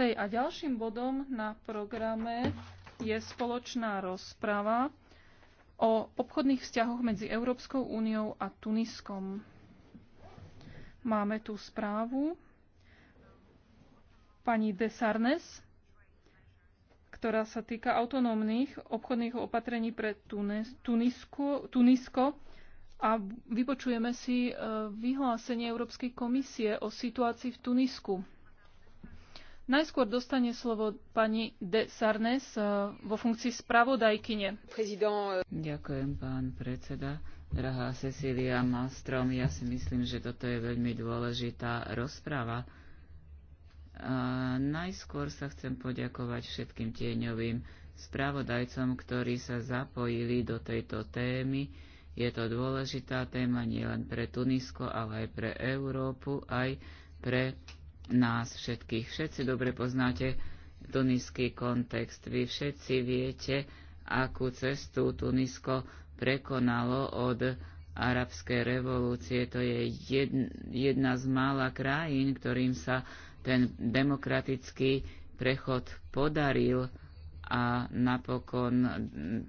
6. A ďalším bodom na programe je spoločná rozprava o obchodných vzťahoch medzi Európskou úniou a Tuniskom. Máme tu správu pani Desarnes, ktorá sa týka autonómnych obchodných opatrení pre Tunisko, Tunisko a vypočujeme si e, vyhlásenie Európskej komisie o situácii v Tunisku. Najskôr dostane slovo pani de Sarnes eh, vo funkcii spravodajkyne. Prezident... Ďakujem, pán predseda. Drahá Cecília Malstrom, ja si myslím, že toto je veľmi dôležitá rozprava. A najskôr sa chcem poďakovať všetkým tieňovým spravodajcom, ktorí sa zapojili do tejto témy. Je to dôležitá téma nielen pre Tunisko, ale aj pre Európu, aj pre nás všetkých. Všetci dobre poznáte tuniský kontext. Vy všetci viete, akú cestu Tunisko prekonalo od arabskej revolúcie. To je jedna z mála krajín, ktorým sa ten demokratický prechod podaril a napokon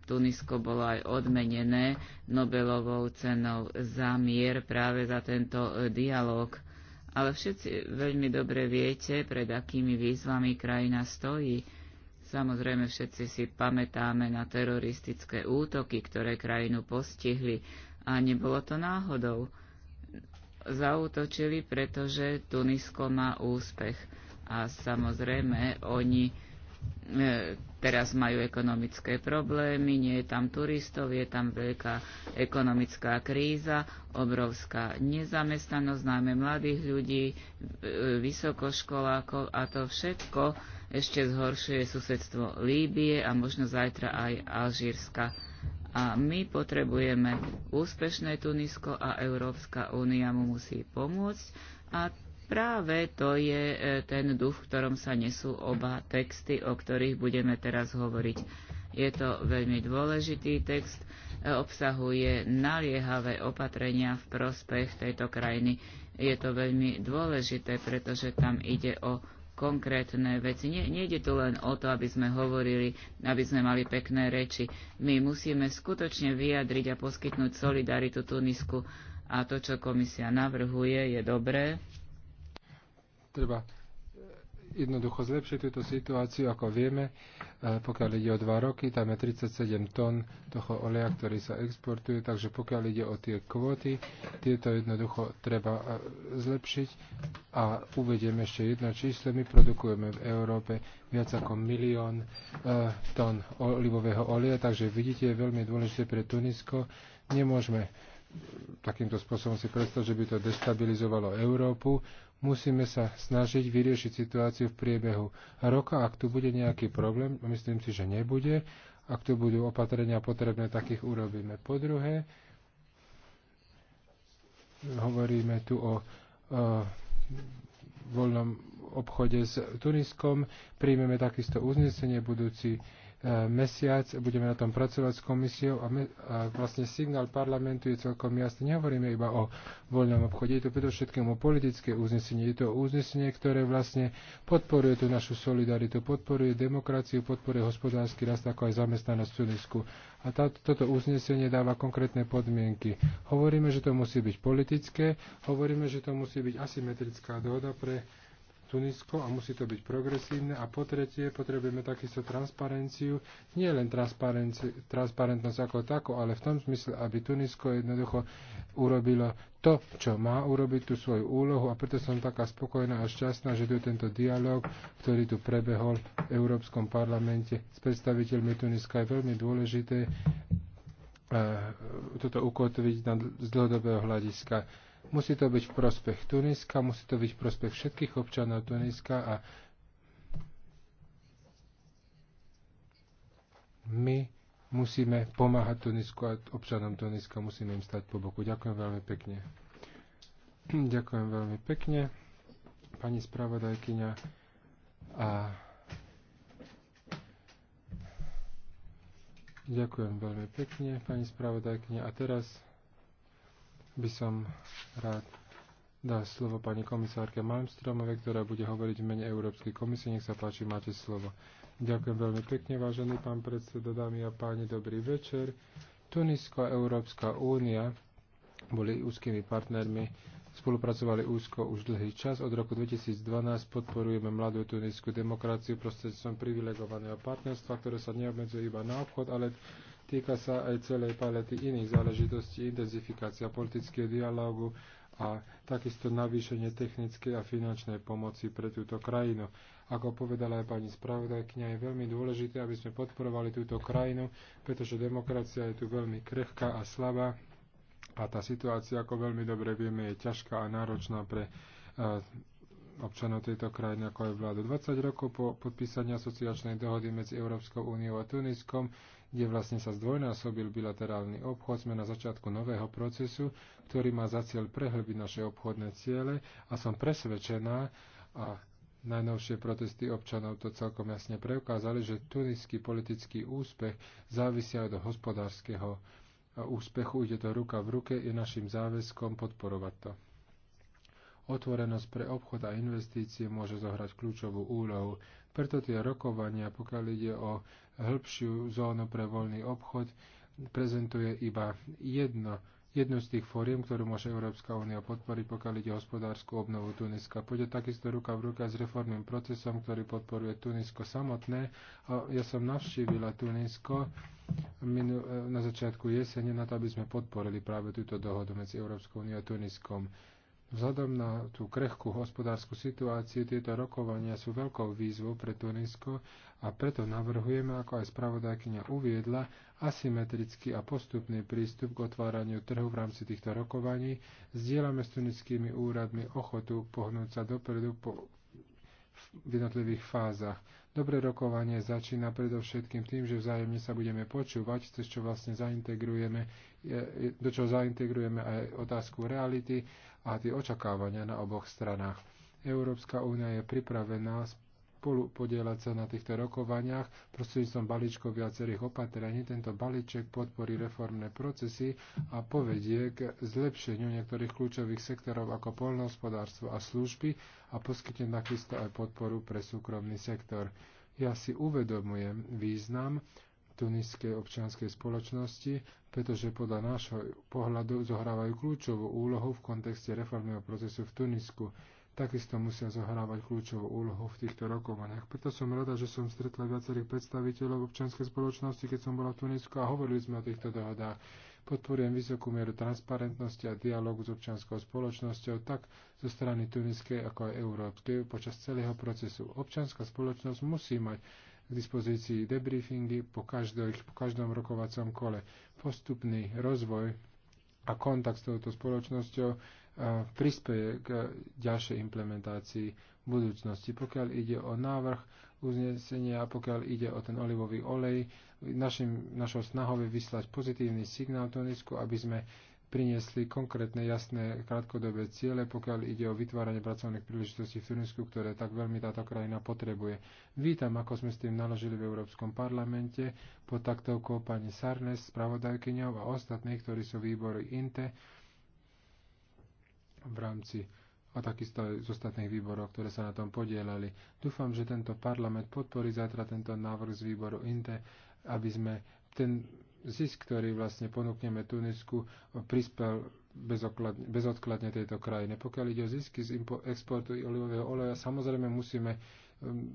Tunisko bolo aj odmenené Nobelovou cenou za mier práve za tento dialog. Ale všetci veľmi dobre viete, pred akými výzvami krajina stojí. Samozrejme, všetci si pamätáme na teroristické útoky, ktoré krajinu postihli. A nebolo to náhodou. Zautočili, pretože Tunisko má úspech. A samozrejme, oni E, teraz majú ekonomické problémy, nie je tam turistov, je tam veľká ekonomická kríza, obrovská nezamestnanosť, najmä mladých ľudí, e, vysokoškolákov a to všetko ešte zhoršuje susedstvo Líbie a možno zajtra aj Alžírska. A my potrebujeme úspešné Tunisko a Európska únia mu musí pomôcť a Práve to je e, ten duch, v ktorom sa nesú oba texty, o ktorých budeme teraz hovoriť. Je to veľmi dôležitý text, e, obsahuje naliehavé opatrenia v prospech tejto krajiny. Je to veľmi dôležité, pretože tam ide o konkrétne veci. Nie, nejde tu len o to, aby sme hovorili, aby sme mali pekné reči. My musíme skutočne vyjadriť a poskytnúť solidaritu Tunisku a to, čo komisia navrhuje, je dobré treba e, jednoducho zlepšiť túto situáciu, ako vieme, e, pokiaľ ide o dva roky, tam je 37 tón toho oleja, ktorý sa exportuje, takže pokiaľ ide o tie kvóty, tieto jednoducho treba e, zlepšiť a uvediem ešte jedno číslo, my produkujeme v Európe viac ako milión tón olivového oleja, takže vidíte, je veľmi dôležité pre Tunisko, nemôžeme takýmto spôsobom si predstav, že by to destabilizovalo Európu. Musíme sa snažiť vyriešiť situáciu v priebehu roka. Ak tu bude nejaký problém, myslím si, že nebude. Ak tu budú opatrenia potrebné, tak ich urobíme. Po druhé, hovoríme tu o, o voľnom obchode s Tuniskom. Príjmeme takisto uznesenie budúci mesiac budeme na tom pracovať s komisiou a, me, a vlastne signál parlamentu je celkom jasný. Nehovoríme iba o voľnom obchode, je to predovšetkým o politické uznesenie. Je to uznesenie, ktoré vlastne podporuje tú našu solidaritu, podporuje demokraciu, podporuje hospodársky rast, ako aj zamestnanosť v Tunisku. A tá, toto uznesenie dáva konkrétne podmienky. Hovoríme, že to musí byť politické, hovoríme, že to musí byť asymetrická dohoda pre Tunisko a musí to byť progresívne. A po tretie, potrebujeme takisto transparenciu, nie len transparentnosť ako takú, ale v tom smysle, aby Tunisko jednoducho urobilo to, čo má urobiť tú svoju úlohu a preto som taká spokojná a šťastná, že tu je tento dialog, ktorý tu prebehol v Európskom parlamente s predstaviteľmi Tuniska je veľmi dôležité eh, toto ukotviť z dlhodobého hľadiska Musí to byť v prospech Tuniska, musí to byť v prospech všetkých občanov Tuniska a my musíme pomáhať Tunisku a občanom Tuniska musíme im stať po boku. Ďakujem veľmi pekne. Ďakujem veľmi pekne, pani spravodajkyňa. A ďakujem veľmi pekne, pani spravodajkyňa. A teraz by som rád dal slovo pani komisárke Malmstromovej, ktorá bude hovoriť v mene Európskej komisie. Nech sa páči, máte slovo. Ďakujem veľmi pekne, vážený pán predseda, dámy a páni, dobrý večer. Tunisko a Európska únia boli úzkými partnermi, spolupracovali úzko už dlhý čas. Od roku 2012 podporujeme mladú tunisku demokraciu prostredstvom privilegovaného partnerstva, ktoré sa neobmedzuje iba na obchod, ale Týka sa aj celej palety iných záležitostí, intenzifikácia politického dialógu a takisto navýšenie technickej a finančnej pomoci pre túto krajinu. Ako povedala aj pani spravodajkňa, je veľmi dôležité, aby sme podporovali túto krajinu, pretože demokracia je tu veľmi krehká a slabá a tá situácia, ako veľmi dobre vieme, je ťažká a náročná pre eh, občanov tejto krajiny, ako aj vládu. 20 rokov po podpísaní asociačnej dohody medzi Európskou úniou a Tuniskom kde vlastne sa zdvojnásobil bilaterálny obchod. Sme na začiatku nového procesu, ktorý má za cieľ prehlbiť naše obchodné ciele a som presvedčená a Najnovšie protesty občanov to celkom jasne preukázali, že tuniský politický úspech závisia od hospodárskeho úspechu. Ide to ruka v ruke, je našim záväzkom podporovať to. Otvorenosť pre obchod a investície môže zohrať kľúčovú úlohu. Preto tie rokovania, pokiaľ ide o hĺbšiu zónu pre voľný obchod, prezentuje iba jedno, jednu z tých fóriem, ktorú môže Európska únia podporiť, pokiaľ ide o hospodárskú obnovu Tuniska. Pôjde takisto ruka v ruka s reformným procesom, ktorý podporuje Tunisko samotné. A ja som navštívila Tunisko na začiatku jesene na to, aby sme podporili práve túto dohodu medzi Európskou úniou a Tuniskom. Vzhľadom na tú krehkú hospodárskú situáciu tieto rokovania sú veľkou výzvou pre Tunisko a preto navrhujeme, ako aj spravodajkyňa uviedla, asymetrický a postupný prístup k otváraniu trhu v rámci týchto rokovaní. Zdieľame s tuniskými úradmi ochotu pohnúť sa dopredu po v jednotlivých fázach. Dobré rokovanie začína predovšetkým tým, že vzájomne sa budeme počúvať, cez čo vlastne zaintegrujeme, do čoho zaintegrujeme aj otázku reality a tie očakávania na oboch stranách. Európska únia je pripravená spolu podielať sa na týchto rokovaniach prostredníctvom balíčkov viacerých opatrení. Tento balíček podporí reformné procesy a povedie k zlepšeniu niektorých kľúčových sektorov ako poľnohospodárstvo a služby a poskytne takisto aj podporu pre súkromný sektor. Ja si uvedomujem význam tuniskej občianskej spoločnosti, pretože podľa nášho pohľadu zohrávajú kľúčovú úlohu v kontexte reformného procesu v Tunisku takisto musia zohrávať kľúčovú úlohu v týchto rokovaniach. Preto som rada, že som stretla viacerých predstaviteľov občianskej spoločnosti, keď som bola v Tunisku a hovorili sme o týchto dohodách. Podporujem vysokú mieru transparentnosti a dialogu s občianskou spoločnosťou tak zo strany tuniskej ako aj európskej počas celého procesu. Občianská spoločnosť musí mať k dispozícii debriefingy po, každoj, po každom rokovacom kole. Postupný rozvoj a kontakt s touto spoločnosťou prispieje k ďalšej implementácii v budúcnosti. Pokiaľ ide o návrh uznesenia, pokiaľ ide o ten olivový olej, našim, našou snahou je vyslať pozitívny signál Tunisku, aby sme priniesli konkrétne, jasné, krátkodobé ciele, pokiaľ ide o vytváranie pracovných príležitostí v Tunisku, ktoré tak veľmi táto krajina potrebuje. Vítam, ako sme s tým naložili v Európskom parlamente pod taktovkou pani Sarnes, spravodajkyňov a ostatných, ktorí sú výbory INTE, v rámci a takisto aj z ostatných výborov, ktoré sa na tom podielali. Dúfam, že tento parlament podporí zajtra tento návrh z výboru INTE, aby sme ten zisk, ktorý vlastne ponúkneme Tunisku, prispel bezokladne, bezodkladne tejto krajine. Pokiaľ ide o zisky z exportu olivového oleja, samozrejme musíme Um,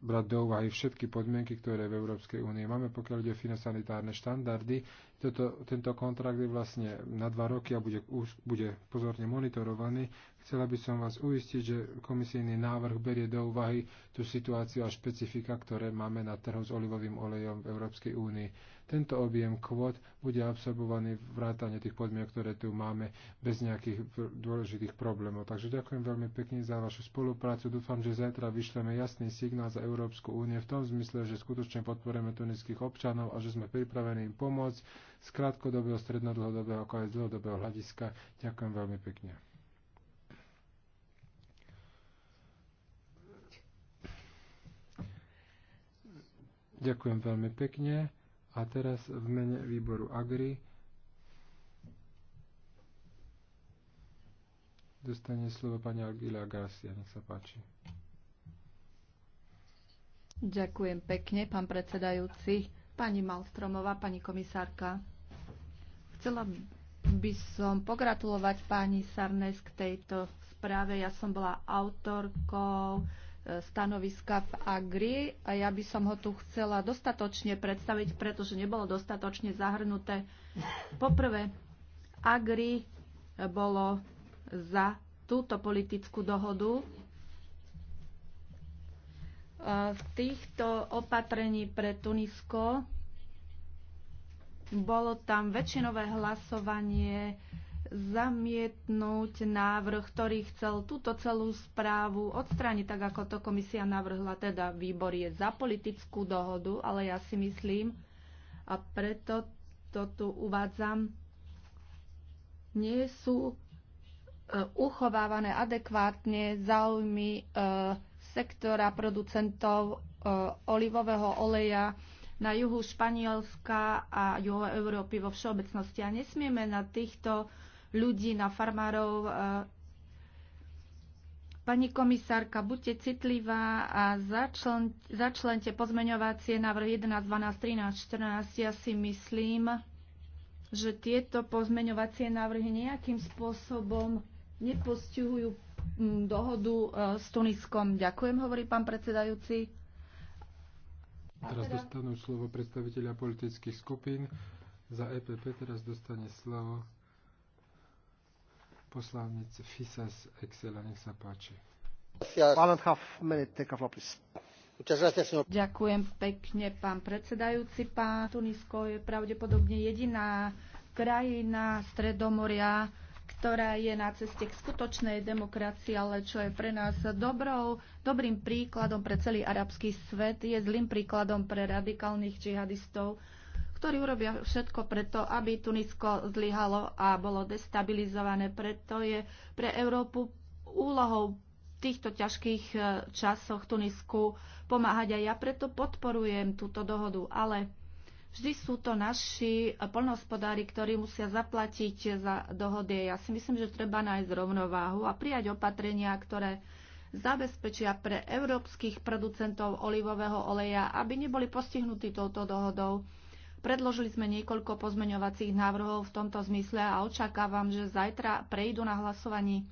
brať do úvahy všetky podmienky, ktoré v Európskej únie máme, pokiaľ ide o finosanitárne štandardy. Toto, tento kontrakt je vlastne na dva roky a bude, bude pozorne monitorovaný. Chcela by som vás uistiť, že komisijný návrh berie do úvahy tú situáciu a špecifika, ktoré máme na trhu s olivovým olejom v Európskej únii. Tento objem kvót bude absorbovaný vrátane tých podmienok, ktoré tu máme, bez nejakých dôležitých problémov. Takže ďakujem veľmi pekne za vašu spoluprácu. Dúfam, že zajtra vyšleme jasný signál za Európsku úniu v tom zmysle, že skutočne podporujeme tuniských občanov a že sme pripravení im pomôcť z krátkodobého, strednodlhodobého, ako aj z dlhodobého hľadiska. Ďakujem veľmi pekne. Ďakujem veľmi pekne. A teraz v mene výboru Agri dostane slovo pani Agila Garcia. Nech sa páči. Ďakujem pekne, pán predsedajúci, pani Malstromová, pani komisárka. Chcela by som pogratulovať pani Sarnes k tejto správe. Ja som bola autorkou stanoviska v Agri a ja by som ho tu chcela dostatočne predstaviť, pretože nebolo dostatočne zahrnuté. Poprvé, Agri bolo za túto politickú dohodu týchto opatrení pre Tunisko bolo tam väčšinové hlasovanie zamietnúť návrh, ktorý chcel túto celú správu odstrániť, tak ako to komisia navrhla. Teda výbor je za politickú dohodu, ale ja si myslím, a preto to tu uvádzam, nie sú e, uchovávané adekvátne záujmy e, sektora producentov e, olivového oleja na juhu Španielska a juhu Európy vo všeobecnosti. A nesmieme na týchto ľudí, na farmárov. Pani komisárka, buďte citlivá a začlen, začlente pozmeňovacie návrhy 11, 12, 13, 14. Ja si myslím, že tieto pozmeňovacie návrhy nejakým spôsobom nepostihujú mm, dohodu e, s Tuniskom. Ďakujem, hovorí pán predsedajúci. Teraz teda- dostanú slovo predstaviteľa politických skupín. Za EPP teraz dostane slovo Poslanec Fisas Excela, nech sa páči. Ďakujem pekne, pán predsedajúci. Pán Tunisko je pravdepodobne jediná krajina Stredomoria, ktorá je na ceste k skutočnej demokracii, ale čo je pre nás dobrou, dobrým príkladom pre celý arabský svet, je zlým príkladom pre radikálnych džihadistov, ktorí urobia všetko preto, aby Tunisko zlyhalo a bolo destabilizované. Preto je pre Európu úlohou týchto ťažkých e, časoch Tunisku pomáhať aj ja, preto podporujem túto dohodu, ale vždy sú to naši e, polnohospodári, ktorí musia zaplatiť za dohody. Ja si myslím, že treba nájsť rovnováhu a prijať opatrenia, ktoré zabezpečia pre európskych producentov olivového oleja, aby neboli postihnutí touto dohodou Predložili sme niekoľko pozmeňovacích návrhov v tomto zmysle a očakávam, že zajtra prejdú na hlasovaní.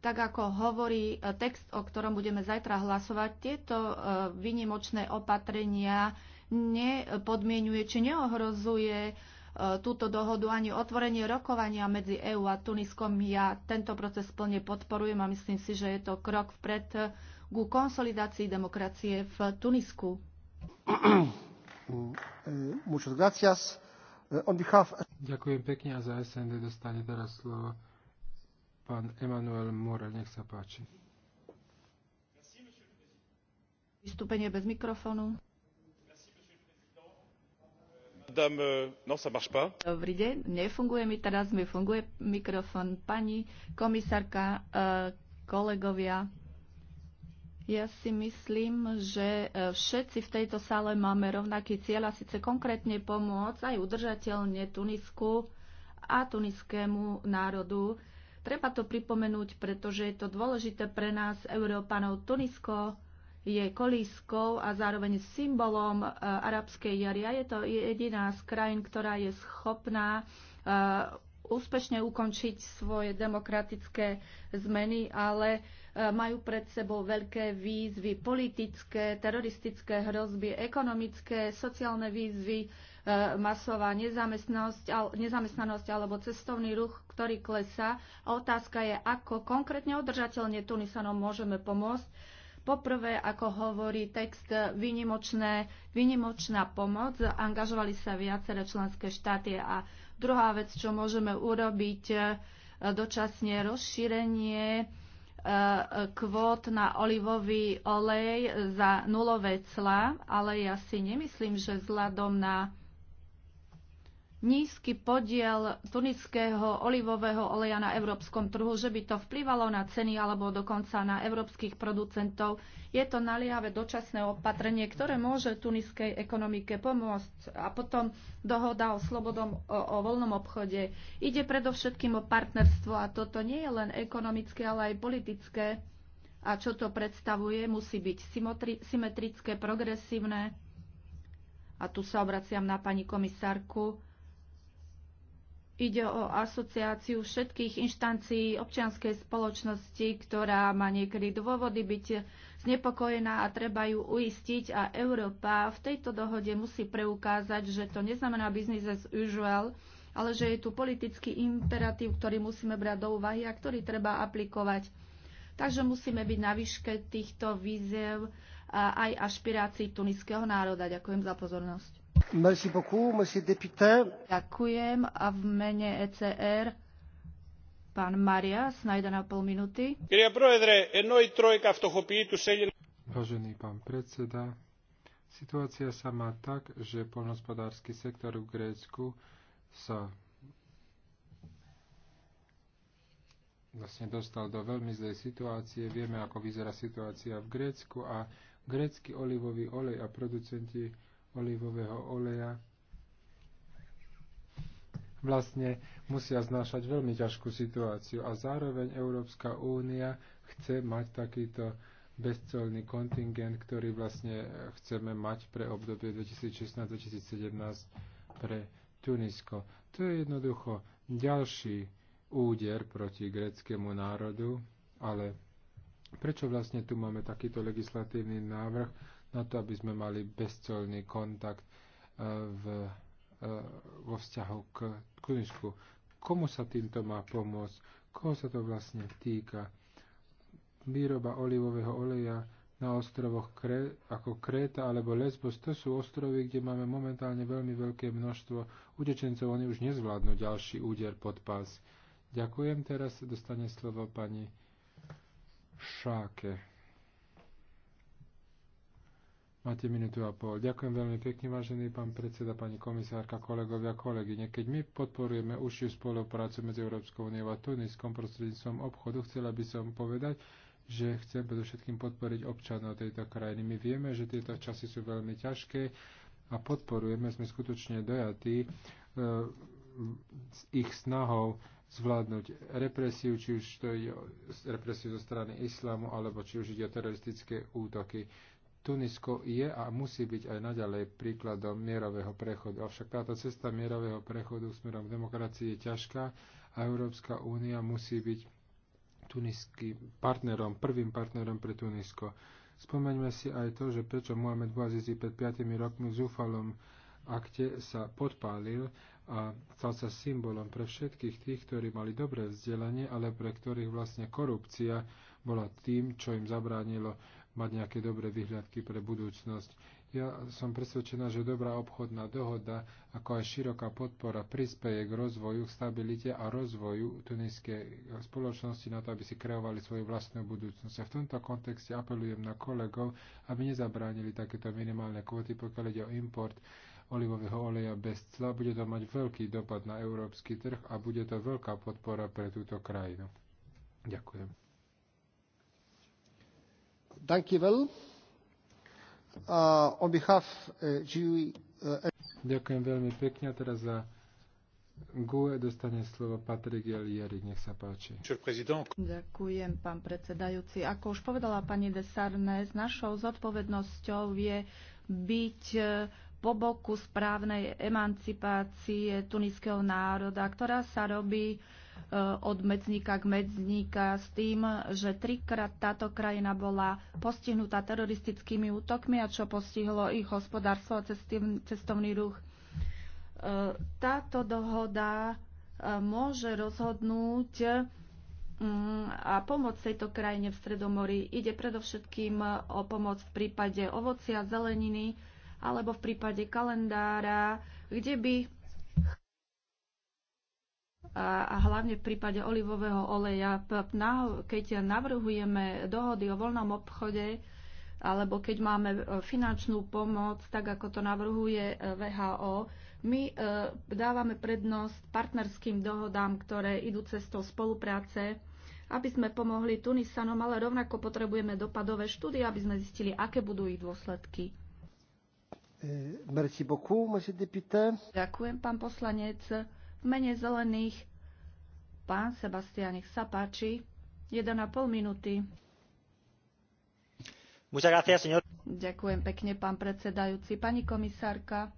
Tak ako hovorí e, text, o ktorom budeme zajtra hlasovať, tieto e, vynimočné opatrenia nepodmienuje či neohrozuje e, túto dohodu ani otvorenie rokovania medzi EÚ a Tuniskom. Ja tento proces plne podporujem a myslím si, že je to krok vpred ku konsolidácii demokracie v Tunisku. Mm, mm, eh, Ďakujem pekne a za SND dostane teraz slovo pán Emanuel Morel. Nech sa páči. Vystúpenie bez mikrofónu. Eh, Dobrý deň, nefunguje mi teraz, mi funguje mikrofón. Pani komisárka, eh, kolegovia, ja si myslím, že e, všetci v tejto sále máme rovnaký cieľ a síce konkrétne pomôcť aj udržateľne Tunisku a tuniskému národu. Treba to pripomenúť, pretože je to dôležité pre nás, Európanov. Tunisko je kolískou a zároveň symbolom e, arabskej jary a je to jediná z krajín, ktorá je schopná e, úspešne ukončiť svoje demokratické zmeny, ale e, majú pred sebou veľké výzvy politické, teroristické hrozby, ekonomické, sociálne výzvy, e, masová nezamestnanosť, nezamestnanosť alebo cestovný ruch, ktorý klesá. A otázka je, ako konkrétne održateľne Tunisanom môžeme pomôcť. Poprvé, ako hovorí text, e, výnimočná pomoc, angažovali sa viaceré členské štáty a Druhá vec, čo môžeme urobiť, e, dočasne rozšírenie e, kvót na olivový olej za nulové cla, ale ja si nemyslím, že vzhľadom na nízky podiel tunického olivového oleja na európskom trhu, že by to vplyvalo na ceny alebo dokonca na európskych producentov. Je to naliehavé dočasné opatrenie, ktoré môže tuniskej ekonomike pomôcť. A potom dohoda o slobodom, o, o voľnom obchode. Ide predovšetkým o partnerstvo a toto nie je len ekonomické, ale aj politické. A čo to predstavuje, musí byť symetrické, progresívne. A tu sa obraciam na pani komisárku Ide o asociáciu všetkých inštancií občianskej spoločnosti, ktorá má niekedy dôvody byť znepokojená a treba ju uistiť a Európa v tejto dohode musí preukázať, že to neznamená business as usual, ale že je tu politický imperatív, ktorý musíme brať do úvahy a ktorý treba aplikovať. Takže musíme byť na výške týchto víziev aj ašpirácií tuniského národa. Ďakujem za pozornosť. Merci beaucoup, monsieur député. Ďakujem a v mene ECR pán Marias na 1,5 minúty. Vážený pán predseda, situácia sa má tak, že poľnospodársky sektor v Grécku sa vlastne dostal do veľmi zlej situácie. Vieme, ako vyzerá situácia v Grécku a grécky olivový olej a producenti olivového oleja vlastne musia znášať veľmi ťažkú situáciu a zároveň Európska únia chce mať takýto bezcelný kontingent, ktorý vlastne chceme mať pre obdobie 2016-2017 pre Tunisko. To je jednoducho ďalší úder proti gréckému národu, ale prečo vlastne tu máme takýto legislatívny návrh, na to, aby sme mali bezcelný kontakt e, v, e, vo vzťahu k knižku. Komu sa týmto má pomôcť? Koho sa to vlastne týka? Výroba olivového oleja na ostrovoch Kré, ako Kréta alebo Lesbos, to sú ostrovy, kde máme momentálne veľmi veľké množstvo utečencov, oni už nezvládnu ďalší úder pod pás. Ďakujem, teraz dostane slovo pani Šáke. Máte minútu a pol. Ďakujem veľmi pekne, vážený pán predseda, pani komisárka, kolegovia, kolegyne. Keď my podporujeme užšiu spoluprácu medzi Európskou úniou a Tuniskom prostredníctvom obchodu, chcela by som povedať, že chcem predovšetkým podporiť občanov tejto krajiny. My vieme, že tieto časy sú veľmi ťažké a podporujeme, sme skutočne dojatí e, s ich snahou zvládnuť represiu, či už to je represiu zo strany islamu, alebo či už ide o teroristické útoky Tunisko je a musí byť aj naďalej príkladom mierového prechodu. Avšak táto cesta mierového prechodu smerom k demokracii je ťažká a Európska únia musí byť tuniským partnerom, prvým partnerom pre Tunisko. Spomeňme si aj to, že prečo Mohamed Bouazizi pred 5 rokmi v zúfalom akte sa podpálil a stal sa symbolom pre všetkých tých, ktorí mali dobré vzdelanie, ale pre ktorých vlastne korupcia bola tým, čo im zabránilo mať nejaké dobré vyhľadky pre budúcnosť. Ja som presvedčená, že dobrá obchodná dohoda, ako aj široká podpora prispeje k rozvoju, k stabilite a rozvoju tuniskej spoločnosti na to, aby si kreovali svoju vlastnú budúcnosť. A v tomto kontexte apelujem na kolegov, aby nezabránili takéto minimálne kvóty, pokiaľ ide o import olivového oleja bez cla. Bude to mať veľký dopad na európsky trh a bude to veľká podpora pre túto krajinu. Ďakujem. Uh, uh, uh, Ďakujem veľmi pekne. teraz za GUE dostane slovo Patrik Jeliari. Nech sa páči. Ďakujem, pán predsedajúci. Ako už povedala pani Desarnes, našou zodpovednosťou je byť e, po boku správnej emancipácie tuniského národa, ktorá sa robí Eh, od medzníka k medzníka s tým, že trikrát táto krajina bola postihnutá teroristickými útokmi a čo postihlo ich hospodárstvo a cestovný ruch. Eh, táto dohoda eh, môže rozhodnúť mm, a pomoc tejto krajine v Stredomorí ide predovšetkým o pomoc v prípade ovocia, zeleniny alebo v prípade kalendára, kde by a, a hlavne v prípade olivového oleja, keď navrhujeme dohody o voľnom obchode, alebo keď máme e, finančnú pomoc, tak ako to navrhuje e, VHO, my e, dávame prednosť partnerským dohodám, ktoré idú cestou spolupráce, aby sme pomohli Tunisanom, ale rovnako potrebujeme dopadové štúdie, aby sme zistili, aké budú ich dôsledky. Merci beaucoup, Ďakujem, pán poslanec mene zelených pán Sebastián, nech sa páči. 1,5 minúty. Ďakujem pekne, pán predsedajúci. Pani komisárka,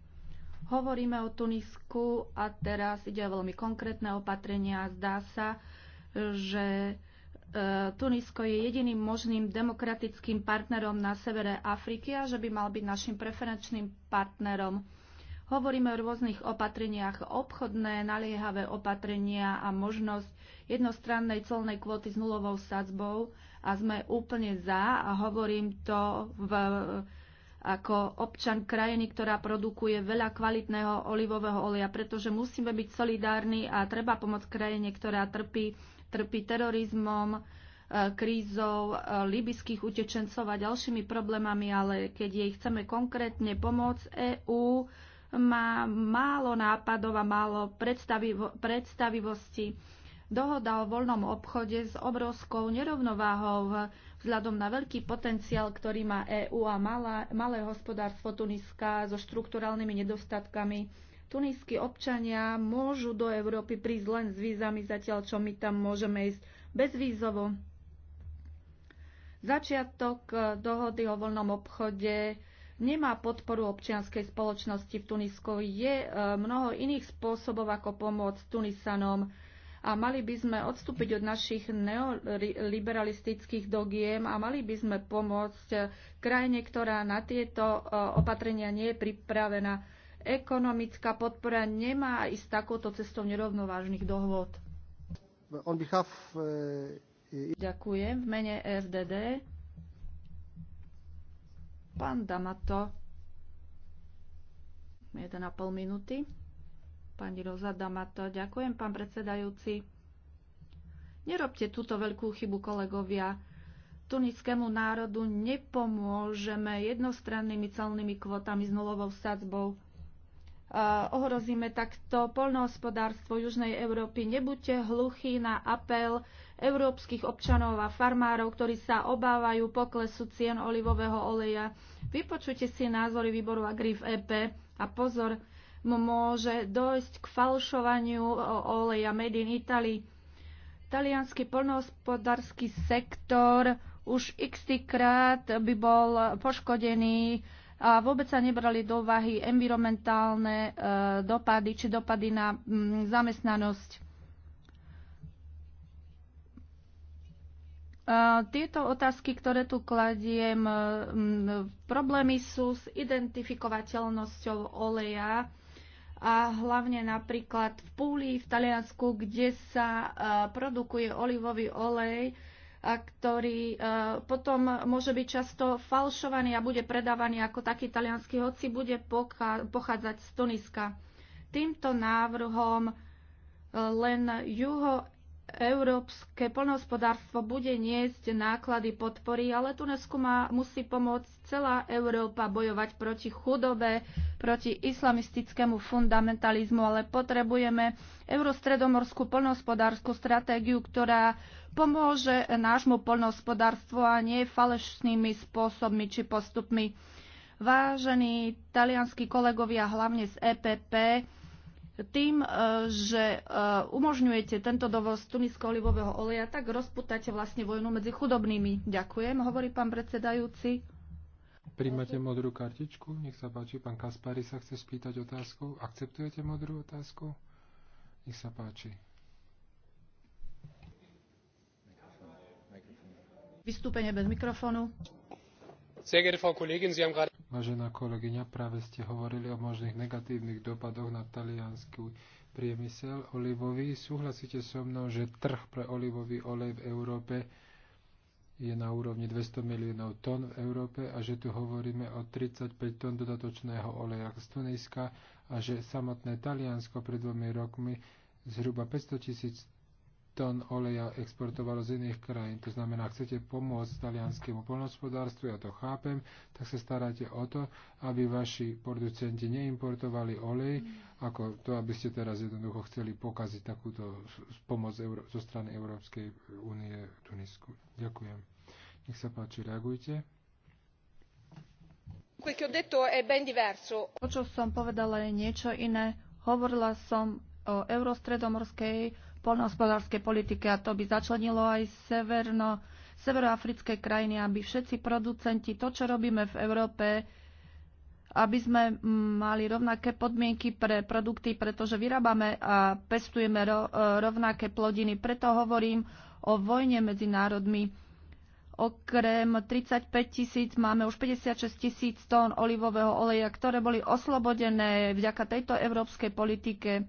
hovoríme o Tunisku a teraz ide o veľmi konkrétne opatrenia. Zdá sa, že e, Tunisko je jediným možným demokratickým partnerom na severe Afriky a že by mal byť našim preferenčným partnerom. Hovoríme o rôznych opatreniach, obchodné, naliehavé opatrenia a možnosť jednostrannej colnej kvóty s nulovou sadzbou a sme úplne za a hovorím to v, ako občan krajiny, ktorá produkuje veľa kvalitného olivového oleja, pretože musíme byť solidárni a treba pomôcť krajine, ktorá trpí, trpí terorizmom, e, krízou e, libyských utečencov a ďalšími problémami, ale keď jej chceme konkrétne pomôcť, EÚ má málo nápadov a málo predstavivo- predstavivosti. Dohoda o voľnom obchode s obrovskou nerovnováhou vzhľadom na veľký potenciál, ktorý má EÚ a malé, malé hospodárstvo Tuniska so štrukturálnymi nedostatkami. Tunisky občania môžu do Európy prísť len s vízami, zatiaľ čo my tam môžeme ísť bezvízovo. Začiatok dohody o voľnom obchode nemá podporu občianskej spoločnosti v Tunisku. Je e, mnoho iných spôsobov, ako pomôcť Tunisanom a mali by sme odstúpiť od našich neoliberalistických dogiem a mali by sme pomôcť e, krajine, ktorá na tieto e, opatrenia nie je pripravená. Ekonomická podpora nemá ísť takouto cestou nerovnovážnych dohôd. Behalf, Ďakujem. V mene FDD Pán Damato, 1,5 minúty. Pani Roza Damato, ďakujem, pán predsedajúci. Nerobte túto veľkú chybu, kolegovia. Tunickému národu nepomôžeme jednostrannými celnými kvotami s nulovou sadzbou ohrozíme takto poľnohospodárstvo Južnej Európy. Nebuďte hluchí na apel európskych občanov a farmárov, ktorí sa obávajú poklesu cien olivového oleja. Vypočujte si názory výboru Agri v EP a pozor, môže dojsť k falšovaniu oleja Made in Italy. Talianský poľnohospodársky sektor už x krát by bol poškodený a vôbec sa nebrali do úvahy environmentálne e, dopady či dopady na mm, zamestnanosť. Tieto otázky, ktoré tu kladiem, e, problémy sú s identifikovateľnosťou oleja a hlavne napríklad v Púli v Taliansku, kde sa e, produkuje olivový olej, a ktorý e, potom môže byť často falšovaný a bude predávaný ako taký talianský, hoci bude pochádzať z Tuniska. Týmto návrhom e, len juho Európske poľnohospodárstvo bude niesť náklady podpory, ale Tunesku má, musí pomôcť celá Európa bojovať proti chudobe, proti islamistickému fundamentalizmu, ale potrebujeme eurostredomorskú poľnohospodárskú stratégiu, ktorá pomôže nášmu poľnohospodárstvu a nie falešnými spôsobmi či postupmi. Vážení talianskí kolegovia, hlavne z EPP, tým, e, že e, umožňujete tento dovoz tunisko-olivového oleja, tak rozputáte vlastne vojnu medzi chudobnými. Ďakujem, hovorí pán predsedajúci. Príjmate modrú kartičku? Nech sa páči, pán Kaspari sa chce spýtať otázku. Akceptujete modrú otázku? Nech sa páči. Vystúpenie bez mikrofónu. Sehr geehrte Frau Kollegin, Sie haben gerade Vážená kolegyňa, práve ste hovorili o možných negatívnych dopadoch na talianský priemysel olivový. Súhlasíte so mnou, že trh pre olivový olej v Európe je na úrovni 200 miliónov tón v Európe a že tu hovoríme o 35 tón dodatočného oleja z Tuniska a že samotné Taliansko pred dvomi rokmi zhruba 500 tisíc tón oleja exportovalo z iných krajín. To znamená, chcete pomôcť talianskému polnospodárstvu, ja to chápem, tak sa staráte o to, aby vaši producenti neimportovali olej, ako to, aby ste teraz jednoducho chceli pokaziť takúto pomoc zo strany Európskej únie Tunisku. Ďakujem. Nech sa páči, reagujte. To, čo som povedala, je niečo iné. Hovorila som o eurostredomorskej poľnohospodárskej politike a to by začlenilo aj severno, severoafrické krajiny, aby všetci producenti to, čo robíme v Európe, aby sme mali rovnaké podmienky pre produkty, pretože vyrábame a pestujeme e, rovnaké plodiny. Preto hovorím o vojne medzi národmi. Okrem 35 tisíc máme už 56 tisíc tón olivového oleja, ktoré boli oslobodené vďaka tejto európskej politike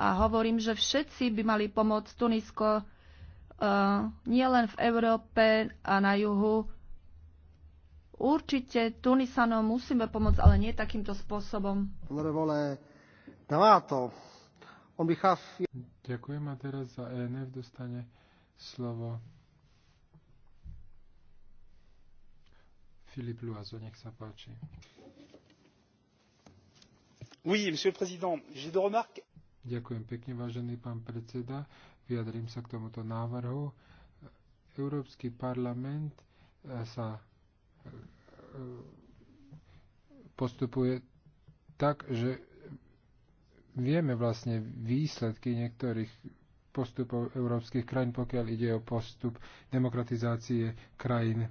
a hovorím, že všetci by mali pomôcť Tunisko eh, nielen v Európe a na juhu. Určite Tunisanom musíme pomôcť, ale nie takýmto spôsobom. Ďakujem a teraz za ENF dostane slovo Filip Luazo, nech sa páči. Oui, monsieur le président, j'ai deux remarques. Ďakujem pekne, vážený pán predseda. Vyjadrím sa k tomuto návrhu. Európsky parlament e, sa e, postupuje tak, že vieme vlastne výsledky niektorých postupov európskych krajín, pokiaľ ide o postup demokratizácie krajín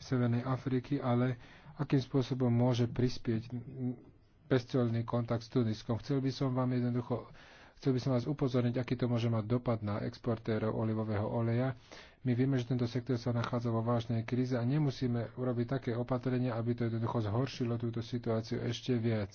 Severnej Afriky, ale akým spôsobom môže prispieť pestelný kontakt s Tuniskom. Chcel by som vám jednoducho Chcel by som vás upozorniť, aký to môže mať dopad na exportérov olivového oleja. My vieme, že tento sektor sa nachádza vo vážnej kríze a nemusíme urobiť také opatrenia, aby to jednoducho zhoršilo túto situáciu ešte viac.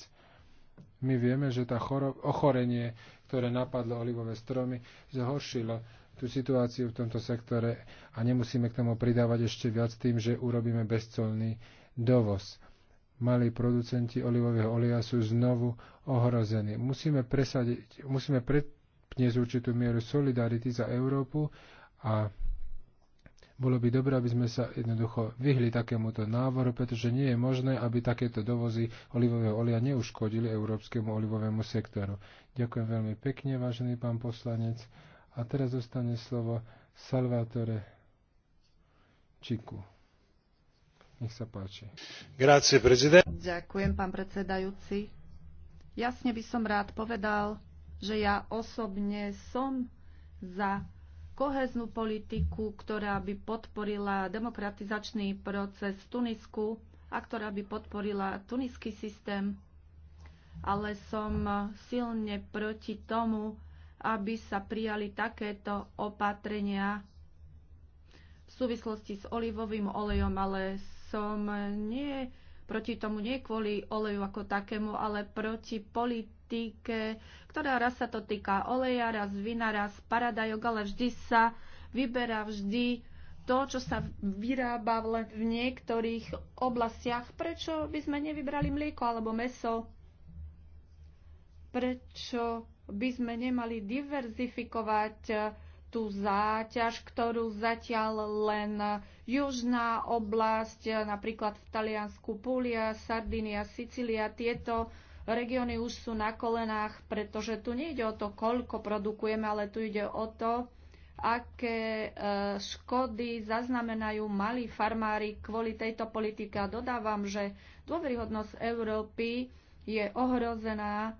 My vieme, že tá ochorenie, ktoré napadlo olivové stromy, zhoršilo tú situáciu v tomto sektore a nemusíme k tomu pridávať ešte viac tým, že urobíme bezcolný dovoz malí producenti olivového oleja sú znovu ohrození. Musíme, presadiť, musíme predniesť určitú mieru solidarity za Európu a bolo by dobré, aby sme sa jednoducho vyhli takémuto návoru, pretože nie je možné, aby takéto dovozy olivového oleja neuškodili európskemu olivovému sektoru. Ďakujem veľmi pekne, vážený pán poslanec. A teraz zostane slovo Salvatore Čiku. Nech sa páči. Grazie, prezident. Ďakujem, pán predsedajúci. Jasne by som rád povedal, že ja osobne som za koheznú politiku, ktorá by podporila demokratizačný proces v Tunisku a ktorá by podporila tuniský systém. Ale som silne proti tomu, aby sa prijali takéto opatrenia v súvislosti s olivovým olejom, ale s som nie proti tomu, nie kvôli oleju ako takému, ale proti politike, ktorá raz sa to týka oleja, raz vina, raz paradajok, ale vždy sa vyberá vždy to, čo sa vyrába len v niektorých oblastiach. Prečo by sme nevybrali mlieko alebo meso? Prečo by sme nemali diverzifikovať eh, tú záťaž, ktorú zatiaľ len eh, Južná oblasť, napríklad v Taliansku Puglia, Sardinia, Sicília, tieto regióny už sú na kolenách, pretože tu nejde o to, koľko produkujeme, ale tu ide o to, aké e, škody zaznamenajú malí farmári kvôli tejto politike. A dodávam, že dôveryhodnosť Európy je ohrozená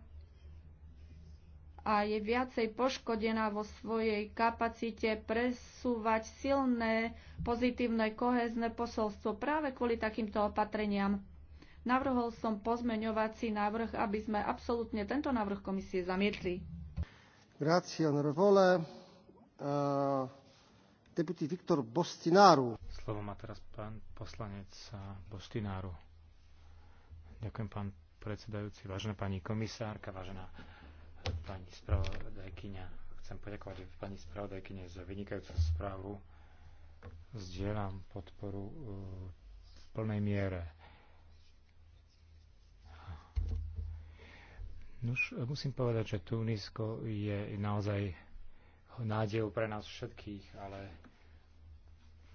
a je viacej poškodená vo svojej kapacite presúvať silné pozitívne kohezné posolstvo práve kvôli takýmto opatreniam. Navrhol som pozmeňovací návrh, aby sme absolútne tento návrh komisie zamietli. Grazie, onorevole. Uh, deputy Viktor Bostináru. Slovo má teraz pán poslanec Bostináru. Ďakujem, pán predsedajúci, vážená pani komisárka, vážená Pani spravodajkyňa, chcem poďakovať pani spravodajkyne za vynikajúcu správu. Zdieľam podporu e, v plnej miere. Nuž, musím povedať, že Tunisko je naozaj nádejou pre nás všetkých, ale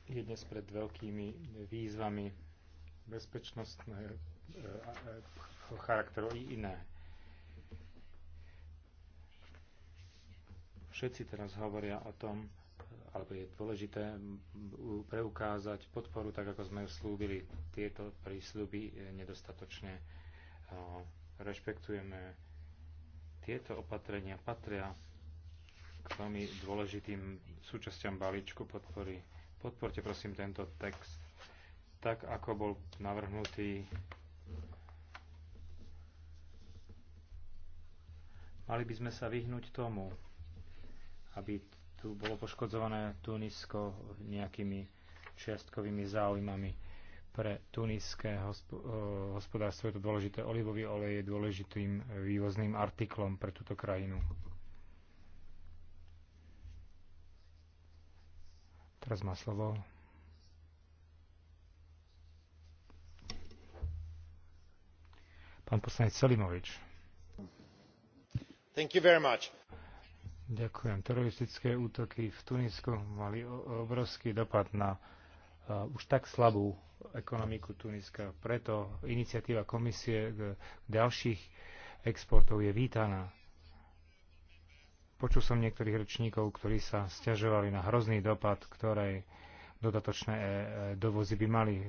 je dnes pred veľkými výzvami bezpečnostného e, e, charakteru i iné. Všetci teraz hovoria o tom, alebo je dôležité preukázať podporu, tak ako sme ju slúbili. Tieto prísľuby eh, nedostatočne eh, rešpektujeme. Tieto opatrenia patria k veľmi dôležitým súčasťam balíčku podpory. Podporte prosím tento text tak, ako bol navrhnutý. Mali by sme sa vyhnúť tomu, aby tu bolo poškodzované Tunisko nejakými čiastkovými záujmami. Pre tuniské eh, hospodárstvo je to dôležité. Olivový olej je dôležitým eh, vývozným artiklom pre túto krajinu. Teraz má slovo pán poslanec Selimovič. Thank you very much. Ďakujem. Teroristické útoky v Tunisku mali obrovský dopad na uh, už tak slabú ekonomiku Tuniska. Preto iniciatíva komisie k, k ďalších exportov je vítaná. Počul som niektorých rečníkov, ktorí sa stiažovali na hrozný dopad, ktoré dodatočné e, e, dovozy by mali.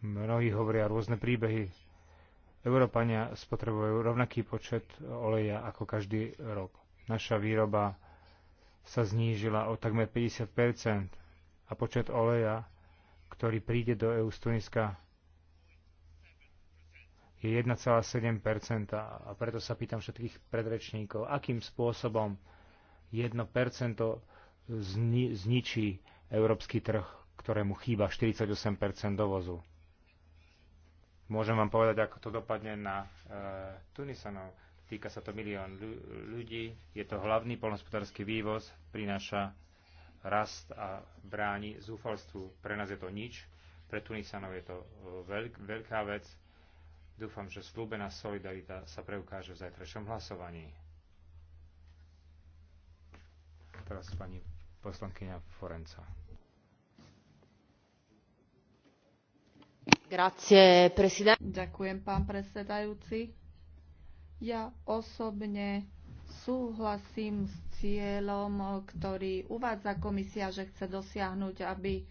Mnohí hovoria rôzne príbehy. Európania spotrebujú rovnaký počet oleja ako každý rok Naša výroba sa znížila o takmer 50 a počet oleja, ktorý príde do EU z Tuniska, je 1,7 A preto sa pýtam všetkých predrečníkov, akým spôsobom 1 zničí európsky trh, ktorému chýba 48 dovozu. Môžem vám povedať, ako to dopadne na e, Tunisanov Týka sa to milión ľudí, je to hlavný polnospodársky vývoz, prináša rast a bráni zúfalstvu. Pre nás je to nič, pre Tunisanov je to e, veľk, veľká vec. Dúfam, že slúbená solidarita sa preukáže v zajtrajšom hlasovaní. Teraz pani poslankyňa Forenca. Grazie, Ďakujem, pán predsedajúci ja osobne súhlasím s cieľom, ktorý uvádza komisia, že chce dosiahnuť, aby e,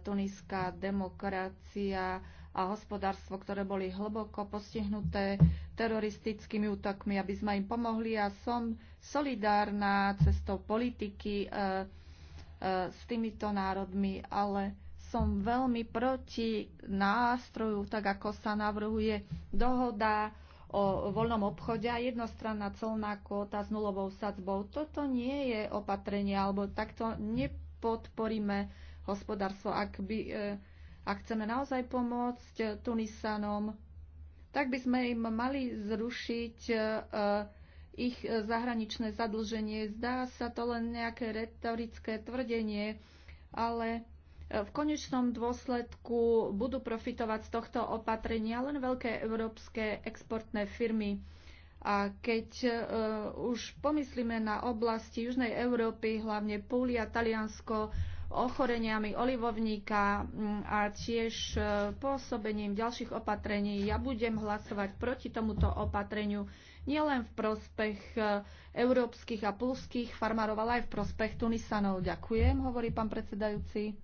tuniská demokracia a hospodárstvo, ktoré boli hlboko postihnuté teroristickými útokmi, aby sme im pomohli. A ja som solidárna cestou politiky e, e, s týmito národmi, ale som veľmi proti nástroju, tak ako sa navrhuje dohoda o voľnom obchode a jednostranná colná kvota s nulovou sadzbou. Toto nie je opatrenie, alebo takto nepodporíme hospodárstvo. Ak, by, e, ak chceme naozaj pomôcť Tunisanom, tak by sme im mali zrušiť e, ich zahraničné zadlženie. Zdá sa to len nejaké retorické tvrdenie, ale v konečnom dôsledku budú profitovať z tohto opatrenia len veľké európske exportné firmy. A keď uh, už pomyslíme na oblasti Južnej Európy, hlavne Púlia, Taliansko, ochoreniami olivovníka a tiež e, pôsobením ďalších opatrení, ja budem hlasovať proti tomuto opatreniu nielen v prospech e, európskych a pulských farmárov, ale aj v prospech Tunisanov. Ďakujem, hovorí pán predsedajúci.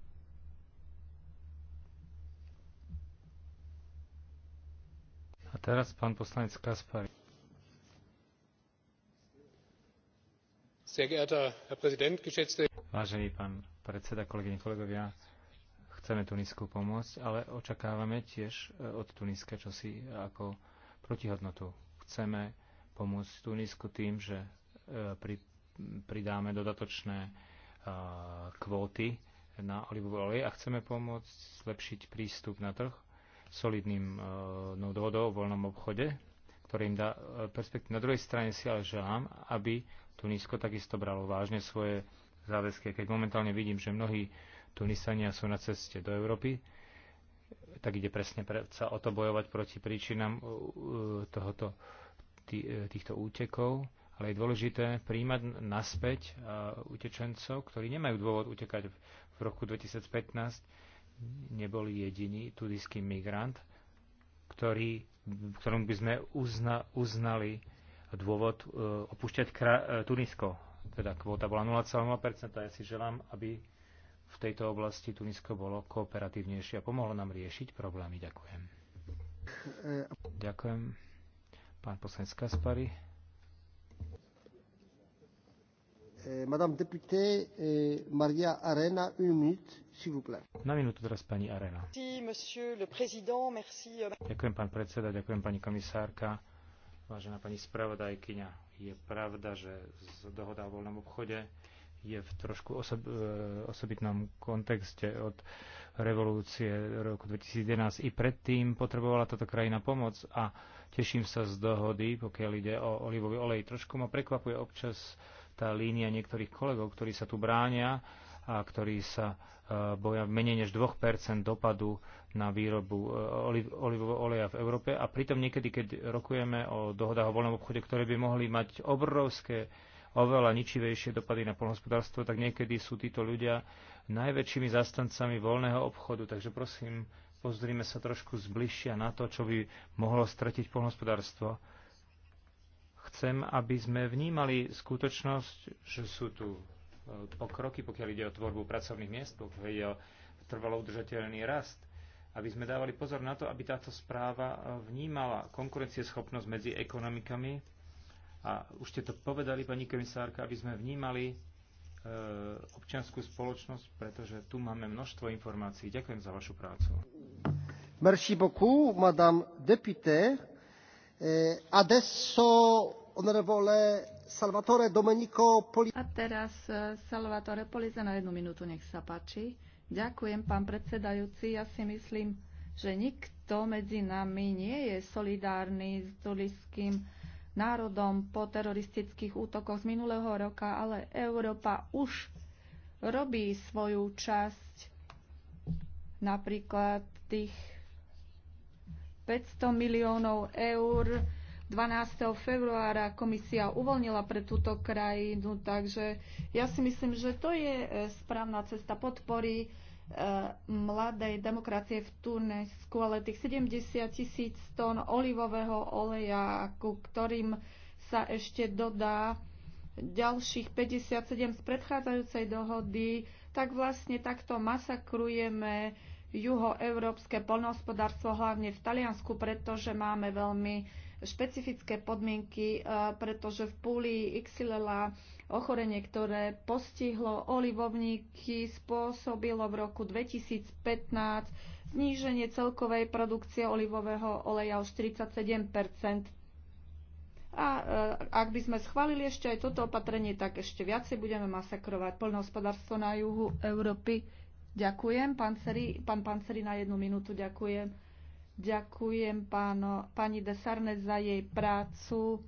A teraz pán poslanec Kaspar. Vážený pán predseda, kolegyne, kolegovia, chceme Tunisku pomôcť, ale očakávame tiež e, od Tuniska čosi ako protihodnotu. Chceme pomôcť Tunisku tým, že e, pri, pridáme dodatočné e, kvóty na olivový olej a chceme pomôcť zlepšiť prístup na trh solidným e, no, dohodou o voľnom obchode, ktorý im dá e, perspektívu. Na druhej strane si ale želám, aby Tunisko takisto bralo vážne svoje záväzky. Keď momentálne vidím, že mnohí Tunisania sú na ceste do Európy, tak ide presne pre, sa o to bojovať proti príčinám e, tohoto, tý, týchto útekov. Ale je dôležité príjmať naspäť utečencov, ktorí nemajú dôvod utekať v roku 2015 neboli jediný tudijský migrant, ktorý, ktorom by sme uzna, uznali dôvod e, opúšťať kra, e, Tunisko. Teda kvóta bola 0,0%. Ja si želám, aby v tejto oblasti Tunisko bolo kooperatívnejšie a pomohlo nám riešiť problémy. Ďakujem. E, Ďakujem. Pán poslanec Kaspari. Eh, Madame députée eh, Maria Arena, une minute, s'il vous plaît. Na minútu teraz pani Arena. Merci, monsieur le président, merci. Euh, ďakujem, pán predseda, ďakujem, pani komisárka. Vážená pani spravodajkyňa, je pravda, že z dohoda o voľnom obchode je v trošku osob, eh, osobitnom kontexte od revolúcie roku 2011. I predtým potrebovala táto krajina pomoc a teším sa z dohody, pokiaľ ide o olivový olej. Trošku ma prekvapuje občas tá línia niektorých kolegov, ktorí sa tu bránia a ktorí sa e, boja menej než 2% dopadu na výrobu e, olivového oleja v Európe. A pritom niekedy, keď rokujeme o dohodách o voľnom obchode, ktoré by mohli mať obrovské, oveľa ničivejšie dopady na polnohospodárstvo, tak niekedy sú títo ľudia najväčšími zastancami voľného obchodu. Takže prosím, pozrime sa trošku zbližšia na to, čo by mohlo stratiť polnohospodárstvo Chcem, aby sme vnímali skutočnosť, že sú tu e, pokroky, pokiaľ ide o tvorbu pracovných miest, pokiaľ ide o trvalo udržateľný rast, aby sme dávali pozor na to, aby táto správa e, vnímala konkurencieschopnosť medzi ekonomikami a už ste to povedali, pani komisárka, aby sme vnímali e, občianskú spoločnosť, pretože tu máme množstvo informácií. Ďakujem za vašu prácu. Merci beaucoup, madame députée. Eh, adesso, onorevole Salvatore Domenico Poli... A teraz eh, Salvatore Polize na jednu minútu, nech sa páči. Ďakujem, pán predsedajúci. Ja si myslím, že nikto medzi nami nie je solidárny s tuliským národom po teroristických útokoch z minulého roka, ale Európa už robí svoju časť napríklad tých 500 miliónov eur. 12. februára komisia uvoľnila pre túto krajinu, takže ja si myslím, že to je e, správna cesta podpory e, mladej demokracie v Tunesku, ale tých 70 tisíc tón olivového oleja, ku ktorým sa ešte dodá ďalších 57 z predchádzajúcej dohody, tak vlastne takto masakrujeme juhoeurópske poľnohospodárstvo, hlavne v Taliansku, pretože máme veľmi špecifické podmienky, e, pretože v púli Xylella ochorenie, ktoré postihlo olivovníky, spôsobilo v roku 2015 zníženie celkovej produkcie olivového oleja o 47 a e, ak by sme schválili ešte aj toto opatrenie, tak ešte viacej budeme masakrovať poľnohospodárstvo na juhu Európy. Ďakujem, pán, Seri, pán Panceri, na jednu minútu ďakujem. Ďakujem páno, pani Desarne za jej prácu.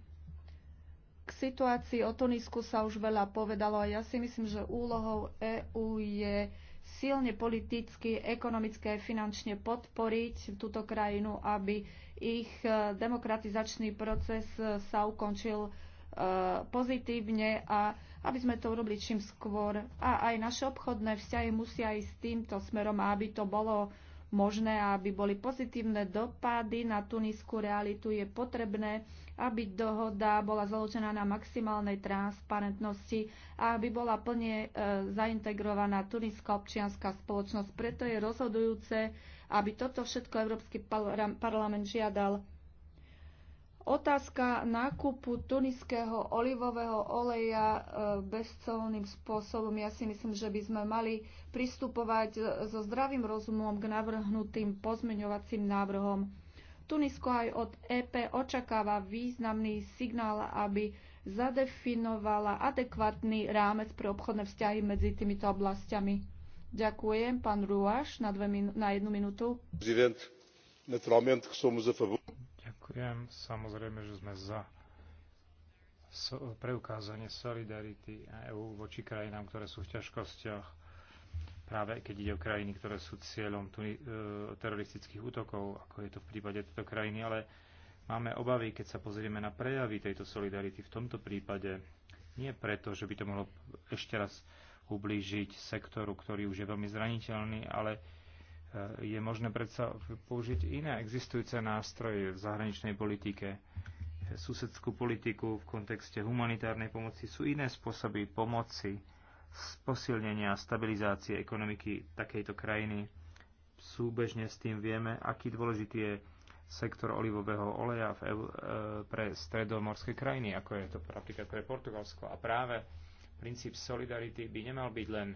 K situácii o Tunisku sa už veľa povedalo a ja si myslím, že úlohou EÚ je silne politicky, ekonomicky a finančne podporiť túto krajinu, aby ich eh, demokratizačný proces eh, sa ukončil Eh, pozitívne a aby sme to urobili čím skôr. A aj naše obchodné vzťahy musia ísť týmto smerom, aby to bolo možné, aby boli pozitívne dopady na tunisku realitu, je potrebné, aby dohoda bola založená na maximálnej transparentnosti a aby bola plne eh, zaintegrovaná tuniská občianská spoločnosť. Preto je rozhodujúce, aby toto všetko Európsky parlament žiadal Otázka nákupu tuniského olivového oleja e, bezcolným spôsobom. Ja si myslím, že by sme mali pristupovať so zdravým rozumom k navrhnutým pozmeňovacím návrhom. Tunisko aj od EP očakáva významný signál, aby zadefinovala adekvátny rámec pre obchodné vzťahy medzi týmito oblastiami. Ďakujem, pán Ruáš, na, dve, na jednu minútu. Prezident, Ďakujem. Samozrejme, že sme za preukázanie solidarity EU voči krajinám, ktoré sú v ťažkostiach, práve keď ide o krajiny, ktoré sú cieľom tuni- e, teroristických útokov, ako je to v prípade tejto krajiny, ale máme obavy, keď sa pozrieme na prejavy tejto solidarity v tomto prípade. Nie preto, že by to mohlo ešte raz ublížiť sektoru, ktorý už je veľmi zraniteľný, ale je možné predsa použiť iné existujúce nástroje v zahraničnej politike, susedskú politiku v kontexte humanitárnej pomoci. Sú iné spôsoby pomoci, posilnenia, stabilizácie ekonomiky takejto krajiny. Súbežne s tým vieme, aký dôležitý je sektor olivového oleja v, e, pre stredomorské krajiny, ako je to napríklad pre Portugalsko. A práve princíp solidarity by nemal byť len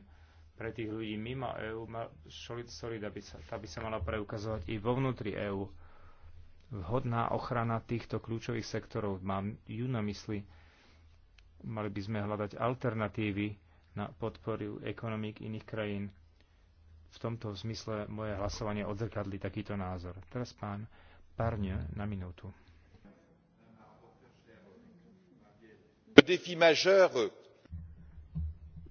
pre tých ľudí mimo EÚ, solida by sa, tá by sa mala preukazovať i vo vnútri EÚ. Vhodná ochrana týchto kľúčových sektorov, mám ju na mysli, mali by sme hľadať alternatívy na podporu ekonomík iných krajín. V tomto zmysle moje hlasovanie odzrkadli takýto názor. Teraz pán Parne na minútu. Le défi majeur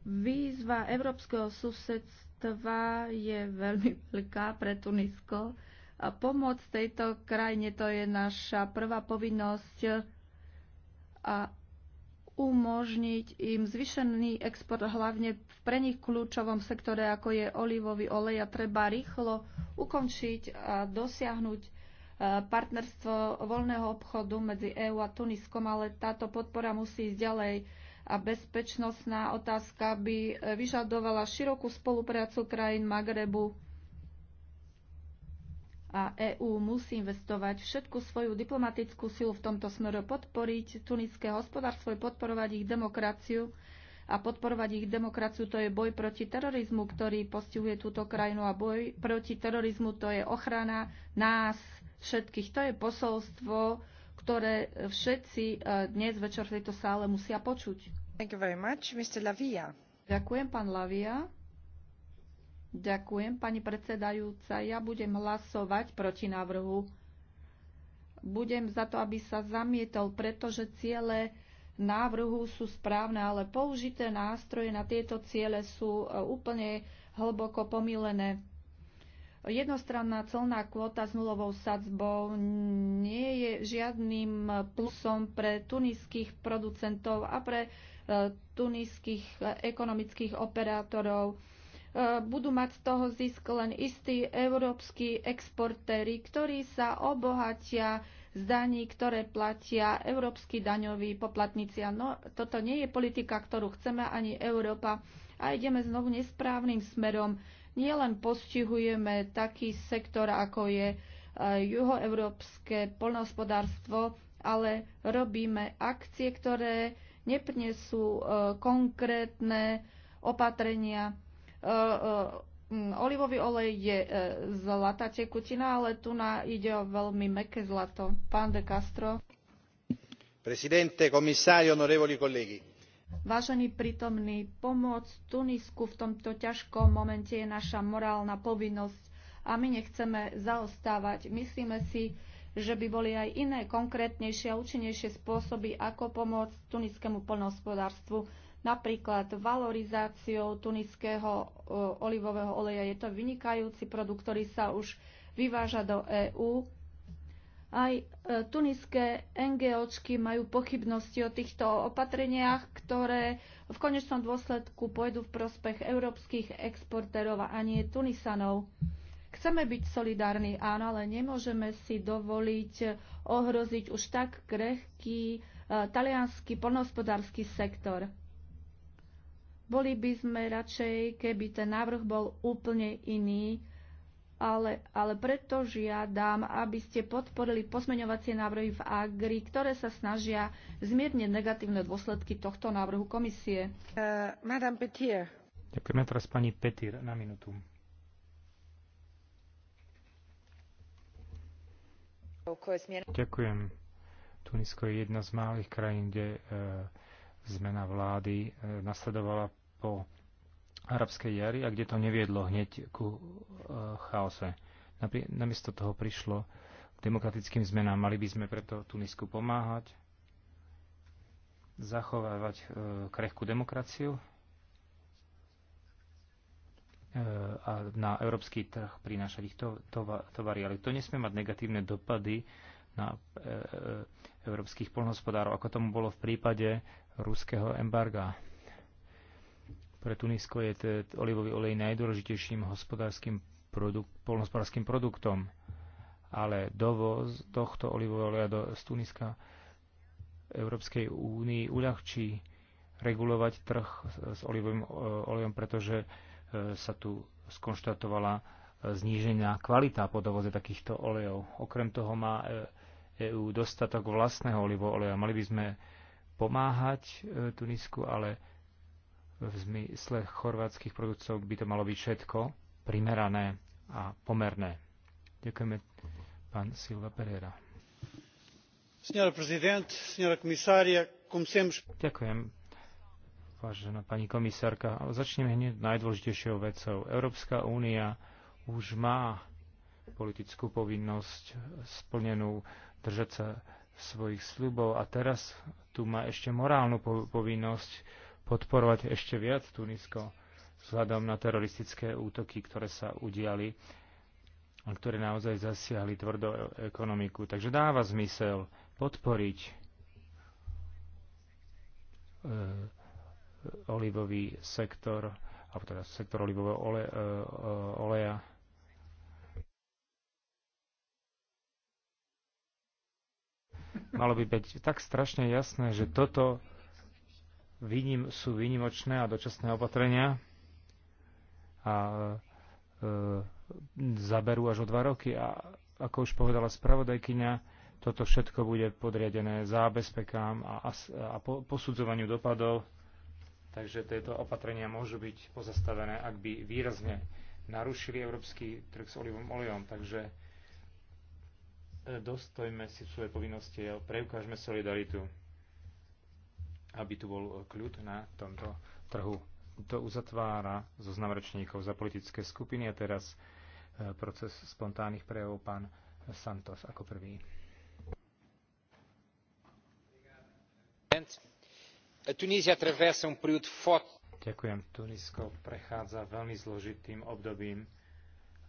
Výzva európskeho susedstva je veľmi veľká pre Tunisko. A pomoc tejto krajine to je naša prvá povinnosť a umožniť im zvyšený export hlavne v pre nich kľúčovom sektore, ako je olivový olej a treba rýchlo ukončiť a dosiahnuť e, partnerstvo voľného obchodu medzi EÚ a Tuniskom, ale táto podpora musí ísť ďalej a bezpečnostná otázka by e, vyžadovala širokú spoluprácu krajín Magrebu a EÚ musí investovať všetku svoju diplomatickú silu v tomto smere, podporiť tunické hospodárstvo, podporovať ich demokraciu a podporovať ich demokraciu to je boj proti terorizmu, ktorý postihuje túto krajinu a boj proti terorizmu to je ochrana nás všetkých. To je posolstvo ktoré všetci e, dnes večer v tejto sále musia počuť. Thank you very much, Mr. Lavia. Ďakujem, pán Lavia. Ďakujem, pani predsedajúca. Ja budem hlasovať proti návrhu. Budem za to, aby sa zamietol, pretože ciele návrhu sú správne, ale použité nástroje na tieto ciele sú e, úplne hlboko pomílené. Jednostranná celná kvota s nulovou sadzbou nie je žiadnym plusom pre tuniských producentov a pre e, tuniských e, ekonomických operátorov. E, budú mať z toho zisk len istí európsky exportéry, ktorí sa obohatia z daní, ktoré platia európsky daňoví poplatníci. No, toto nie je politika, ktorú chceme ani Európa a ideme znovu nesprávnym smerom nielen postihujeme taký sektor, ako je e, juhoeurópske poľnohospodárstvo, ale robíme akcie, ktoré neprinesú e, konkrétne opatrenia. E, olivový olej je zlatá tekutina, ale tu na ide o veľmi meké zlato. Pán de Castro. Presidente, komisári, onorevoli kolegy. Vážený prítomný, pomoc Tunisku v tomto ťažkom momente je naša morálna povinnosť a my nechceme zaostávať. Myslíme si, že by boli aj iné konkrétnejšie a účinnejšie spôsoby, ako pomôcť tuniskému plnohospodárstvu. Napríklad valorizáciou tuniského e, olivového oleja. Je to vynikajúci produkt, ktorý sa už vyváža do EÚ aj e, tuniské NGOčky majú pochybnosti o týchto opatreniach, ktoré v konečnom dôsledku pôjdu v prospech európskych exportérov a nie Tunisanov. Chceme byť solidárni, áno, ale nemôžeme si dovoliť ohroziť už tak krehký e, talianský polnohospodársky sektor. Boli by sme radšej, keby ten návrh bol úplne iný, ale, ale preto žiadam, aby ste podporili posmeňovacie návrhy v Agri, ktoré sa snažia zmierniť negatívne dôsledky tohto návrhu komisie. Uh, Madame Petier. Ďakujeme teraz pani Petir na minutu. Ďakujem. Tunisko je jedna z malých krajín, kde e, zmena vlády e, nasledovala po arabskej jary a kde to neviedlo hneď ku e, chaose. Namiesto toho prišlo k demokratickým zmenám. Mali by sme preto Tunisku pomáhať, zachovávať e, krehkú demokraciu e, a na európsky trh prinášať ich tovary. Ale to nesmie mať negatívne dopady na európskych polnohospodárov, ako tomu bolo v prípade ruského embarga pre Tunisko je olivový olej najdôležitejším hospodárským produkt, polnospodárským produktom, ale dovoz tohto olivového oleja do, z Tuniska Európskej únii uľahčí regulovať trh s olivovým e, olejom, pretože e, sa tu skonštatovala e, znížená kvalita po dovoze takýchto olejov. Okrem toho má EÚ dostatok vlastného olivového oleja. Mali by sme pomáhať Tunisku, ale v zmysle chorvátskych produktov by to malo byť všetko primerané a pomerné. Ďakujeme, pán Silva Pereira. Ďakujem, vážená pani komisárka. Ale začneme hneď najdôležitejšou vecou. Európska únia už má politickú povinnosť splnenú držať sa svojich sľubov a teraz tu má ešte morálnu povinnosť podporovať ešte viac Tunisko vzhľadom na teroristické útoky, ktoré sa udiali a ktoré naozaj zasiahli tvrdo ekonomiku. Takže dáva zmysel podporiť e, olivový sektor, alebo teda sektor olivového ole, e, oleja. Malo by byť tak strašne jasné, že toto výnim, sú výnimočné a dočasné opatrenia a e, zaberú až o dva roky. A ako už povedala spravodajkyňa, toto všetko bude podriadené zábezpekám a, a, a po, posudzovaniu dopadov, takže tieto opatrenia môžu byť pozastavené, ak by výrazne narušili európsky trh s olivom olejom. Takže e, dostojme si svoje povinnosti a preukážme solidaritu aby tu bol kľud na tomto trhu. To uzatvára zoznam rečníkov za politické skupiny a teraz e, proces spontánnych prejavov pán Santos ako prvý. Um Ďakujem. Tunisko prechádza veľmi zložitým obdobím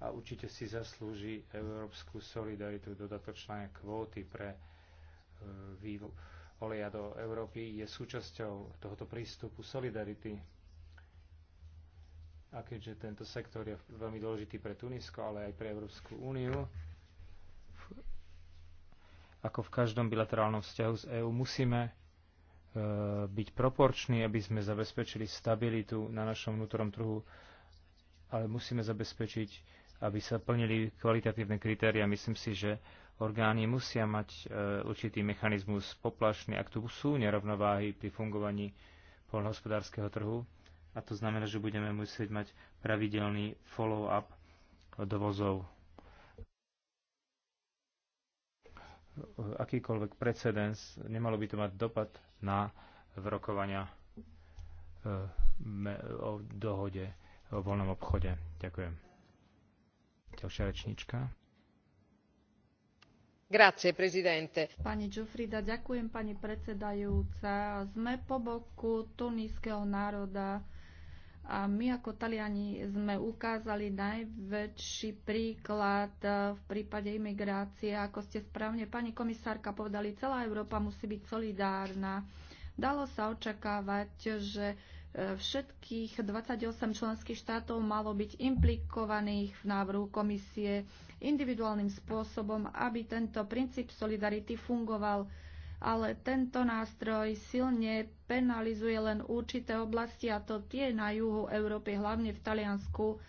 a určite si zaslúži európsku solidaritu, dodatočné kvóty pre e, vývoj oleja do Európy je súčasťou tohoto prístupu solidarity. A keďže tento sektor je veľmi dôležitý pre Tunisko, ale aj pre Európsku úniu, ako v každom bilaterálnom vzťahu s EÚ, musíme e, byť proporční, aby sme zabezpečili stabilitu na našom vnútornom trhu, ale musíme zabezpečiť, aby sa plnili kvalitatívne kritéria. Myslím si, že orgány musia mať e, určitý mechanizmus poplašný, ak tu sú nerovnováhy pri fungovaní polnohospodárskeho trhu. A to znamená, že budeme musieť mať pravidelný follow-up dovozov. Akýkoľvek precedens, nemalo by to mať dopad na vrokovania e, o dohode o voľnom obchode. Ďakujem. Ďalšia rečnička. Pani Giuffrida, ďakujem pani predsedajúca. Sme po boku tunískeho národa a my ako Taliani sme ukázali najväčší príklad v prípade imigrácie. Ako ste správne, pani komisárka, povedali, celá Európa musí byť solidárna. Dalo sa očakávať, že všetkých 28 členských štátov malo byť implikovaných v návrhu komisie individuálnym spôsobom, aby tento princíp solidarity fungoval. Ale tento nástroj silne penalizuje len určité oblasti, a to tie na juhu Európy, hlavne v Taliansku.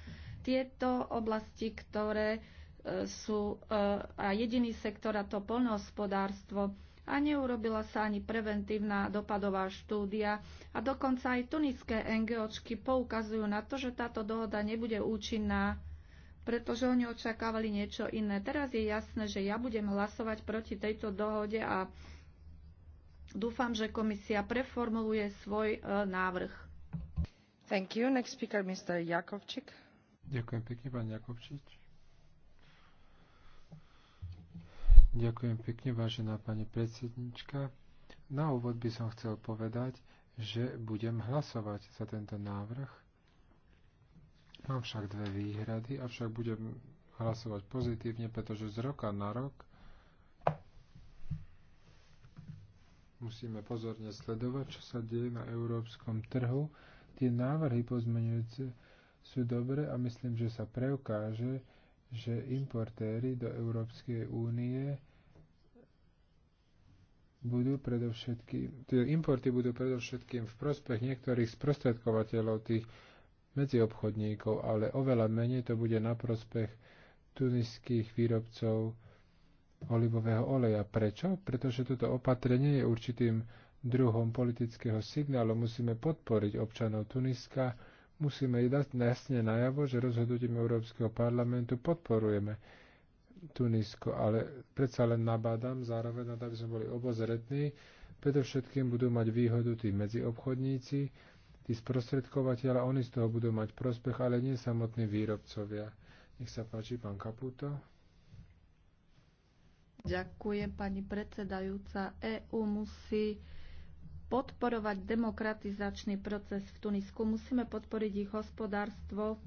Tieto oblasti, ktoré e, sú e, a jediný sektor, a to polnohospodárstvo a neurobila sa ani preventívna dopadová štúdia a dokonca aj tunické NGOčky poukazujú na to, že táto dohoda nebude účinná, pretože oni očakávali niečo iné. Teraz je jasné, že ja budem hlasovať proti tejto dohode a dúfam, že komisia preformuluje svoj e, návrh. Thank you. Next speaker, Mr. Jakovčík. Ďakujem pekne, pán Jakovčík. Ďakujem pekne, vážená pani predsednička. Na úvod by som chcel povedať, že budem hlasovať za tento návrh. Mám však dve výhrady, avšak budem hlasovať pozitívne, pretože z roka na rok musíme pozorne sledovať, čo sa deje na európskom trhu. Tie návrhy pozmenujúce sú dobré a myslím, že sa preukáže, že importéry do Európskej únie budú predovšetkým, tie importy budú predovšetkým v prospech niektorých sprostredkovateľov tých medziobchodníkov, ale oveľa menej to bude na prospech tuniských výrobcov olivového oleja. Prečo? Pretože toto opatrenie je určitým druhom politického signálu. Musíme podporiť občanov Tuniska, musíme dať jasne najavo, že rozhodnutím Európskeho parlamentu podporujeme Tunisko, ale predsa len nabádam zároveň, aby sme boli obozretní, predovšetkým budú mať výhodu tí medziobchodníci, tí sprostredkovateľa, oni z toho budú mať prospech, ale nie samotní výrobcovia. Nech sa páči, pán Kaputo. Ďakujem, pani predsedajúca. EU musí podporovať demokratizačný proces v Tunisku, musíme podporiť ich hospodárstvo,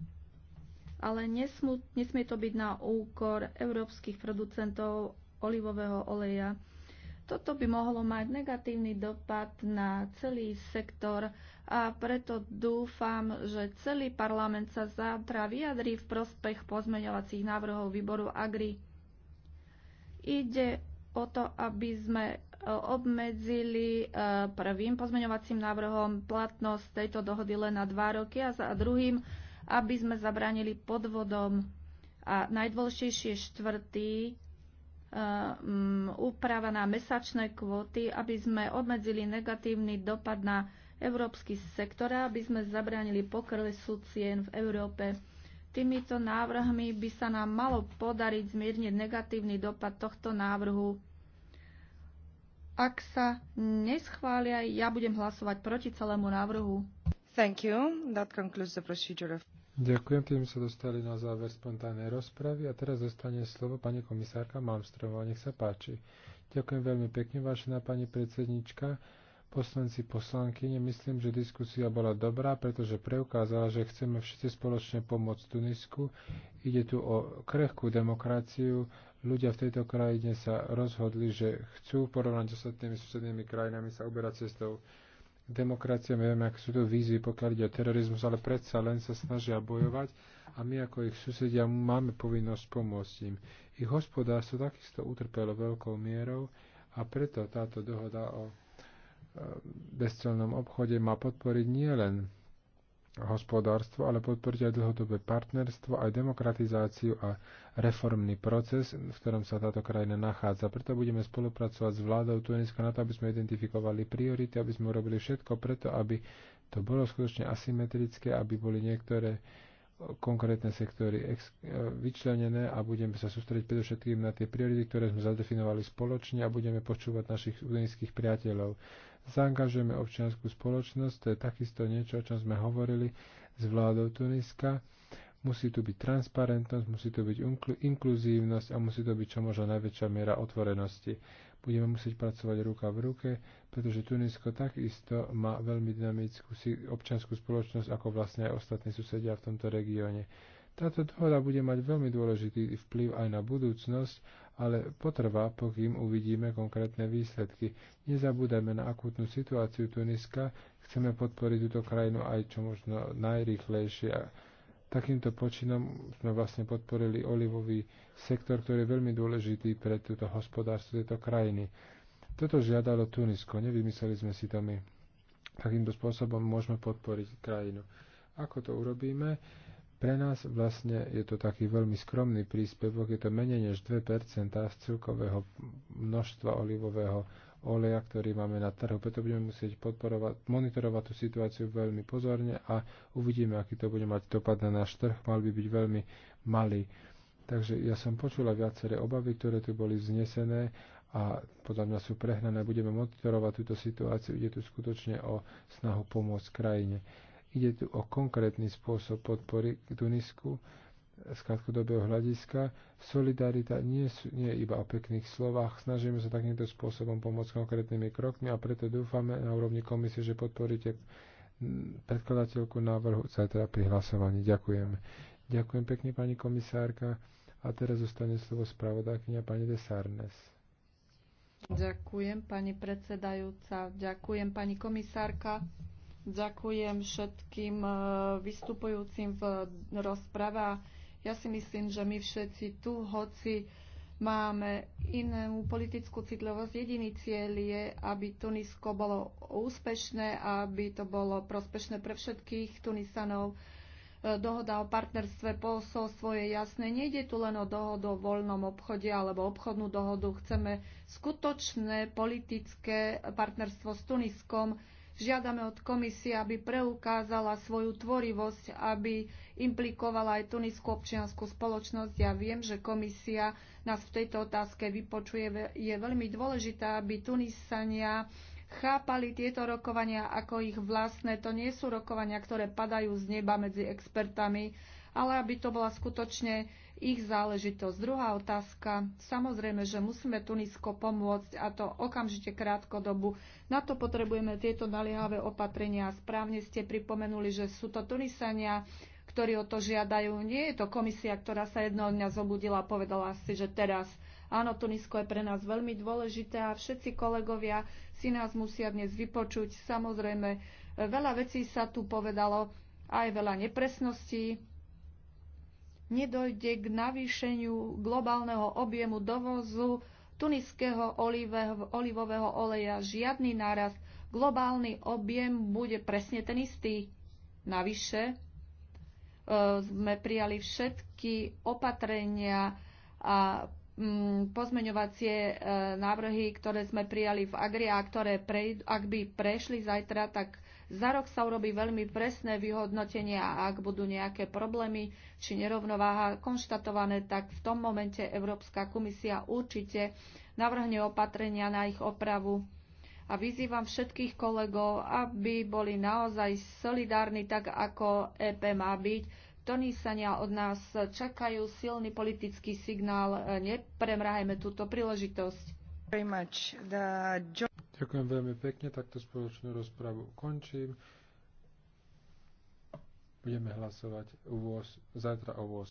ale nesmú, nesmie to byť na úkor európskych producentov olivového oleja. Toto by mohlo mať negatívny dopad na celý sektor a preto dúfam, že celý parlament sa zátra vyjadrí v prospech pozmeňovacích návrhov výboru Agri. Ide o to, aby sme obmedzili eh, prvým pozmeňovacím návrhom platnosť tejto dohody len na dva roky a za druhým, aby sme zabránili podvodom. A najdôležitejšie štvrtý, eh, mm, úprava na mesačné kvóty, aby sme obmedzili negatívny dopad na európsky sektor a aby sme zabránili poklesu cien v Európe. Týmito návrhmi by sa nám malo podariť zmierniť negatívny dopad tohto návrhu ak sa neschvália, ja budem hlasovať proti celému návrhu. Thank you. That concludes the procedure of... Ďakujem, tým sa dostali na záver spontánnej rozpravy a teraz dostane slovo pani komisárka Malmstrová. Nech sa páči. Ďakujem veľmi pekne, vážená pani predsednička poslanci, poslanky, myslím, že diskusia bola dobrá, pretože preukázala, že chceme všetci spoločne pomôcť Tunisku. Ide tu o krehkú demokraciu, ľudia v tejto krajine sa rozhodli, že chcú porovnať s ostatnými susednými krajinami sa uberať cestou demokracie. My vieme, aké sú to výzvy, pokiaľ ide o terorizmus, ale predsa len sa snažia bojovať a my ako ich susedia máme povinnosť pomôcť im. Ich hospodárstvo takisto utrpelo veľkou mierou a preto táto dohoda o e, bezcelnom obchode má podporiť nielen hospodárstvo, ale podporiť aj dlhodobé partnerstvo, aj demokratizáciu a reformný proces, v ktorom sa táto krajina nachádza. Preto budeme spolupracovať s vládou Tuniska na to, aby sme identifikovali priority, aby sme urobili všetko preto, aby to bolo skutočne asymetrické, aby boli niektoré konkrétne sektory vyčlenené a budeme sa sústrediť predovšetkým na tie priority, ktoré sme zadefinovali spoločne a budeme počúvať našich tuniských priateľov. Zaangažujeme občianskú spoločnosť, to je takisto niečo, o čom sme hovorili s vládou Tuniska. Musí tu byť transparentnosť, musí tu byť inkluzívnosť a musí to byť čo možno najväčšia miera otvorenosti. Budeme musieť pracovať ruka v ruke, pretože Tunisko takisto má veľmi dynamickú občianskú spoločnosť, ako vlastne aj ostatní susedia v tomto regióne. Táto dohoda bude mať veľmi dôležitý vplyv aj na budúcnosť ale potrvá, pokým uvidíme konkrétne výsledky. Nezabúdajme na akútnu situáciu Tuniska, chceme podporiť túto krajinu aj čo možno najrychlejšie. Takýmto počinom sme vlastne podporili olivový sektor, ktorý je veľmi dôležitý pre túto hospodárstvo tejto krajiny. Toto žiadalo Tunisko, nevymysleli sme si to my. Takýmto spôsobom môžeme podporiť krajinu. Ako to urobíme? Pre nás vlastne je to taký veľmi skromný príspevok, je to menej než 2% z celkového množstva olivového oleja, ktorý máme na trhu. Preto budeme musieť podporovať, monitorovať tú situáciu veľmi pozorne a uvidíme, aký to bude mať dopad na náš trh. Mal by byť veľmi malý. Takže ja som počula viaceré obavy, ktoré tu boli vznesené a podľa mňa sú prehnané. Budeme monitorovať túto situáciu. Ide tu skutočne o snahu pomôcť krajine. Ide tu o konkrétny spôsob podpory k Tunisku z krátkodobého hľadiska. Solidarita nie, sú, nie je iba o pekných slovách. Snažíme sa takýmto spôsobom pomôcť konkrétnymi krokmi a preto dúfame na úrovni komisie, že podporíte predkladateľku návrhu teda pri hlasovaní. Ďakujem. Ďakujem pekne, pani komisárka. A teraz zostane slovo spravodajkynia pani de Sarnes. Ďakujem, pani predsedajúca. Ďakujem, pani komisárka. Ďakujem všetkým eh, vystupujúcim v rozprava. Ja si myslím, že my všetci tu, hoci máme inú politickú citlivosť, jediný cieľ je, aby Tunisko bolo úspešné, aby to bolo prospešné pre všetkých Tunisanov eh, dohoda o partnerstve posolstvo je jasné. Nejde tu len o dohodu o voľnom obchode alebo obchodnú dohodu. Chceme skutočné politické partnerstvo s Tuniskom, Žiadame od komisie, aby preukázala svoju tvorivosť, aby implikovala aj tuniskú občianskú spoločnosť. Ja viem, že komisia nás v tejto otázke vypočuje. Je veľmi dôležité, aby Tunisania chápali tieto rokovania ako ich vlastné. To nie sú rokovania, ktoré padajú z neba medzi expertami, ale aby to bola skutočne ich záležitosť. Druhá otázka. Samozrejme, že musíme Tunisko pomôcť a to okamžite krátkodobu. Na to potrebujeme tieto naliehavé opatrenia. Správne ste pripomenuli, že sú to Tunisania, ktorí o to žiadajú. Nie je to komisia, ktorá sa jednoho dňa zobudila a povedala si, že teraz áno, Tunisko je pre nás veľmi dôležité a všetci kolegovia si nás musia dnes vypočuť. Samozrejme, veľa vecí sa tu povedalo, aj veľa nepresností, nedojde k navýšeniu globálneho objemu dovozu tuniského olivového oleja. Žiadny náraz. Globálny objem bude presne ten istý. Navyše e, sme prijali všetky opatrenia a mm, pozmeňovacie e, návrhy, ktoré sme prijali v Agri a ktoré ak by prešli zajtra, tak za rok sa urobí veľmi presné vyhodnotenie a ak budú nejaké problémy či nerovnováha konštatované, tak v tom momente Európska komisia určite navrhne opatrenia na ich opravu. A vyzývam všetkých kolegov, aby boli naozaj solidárni, tak ako EP má byť. Tonísania od nás čakajú silný politický signál. Nepremrahajme túto príležitosť. The... Ďakujem veľmi pekne, takto spoločnú rozpravu končím. Budeme hlasovať zajtra o 8.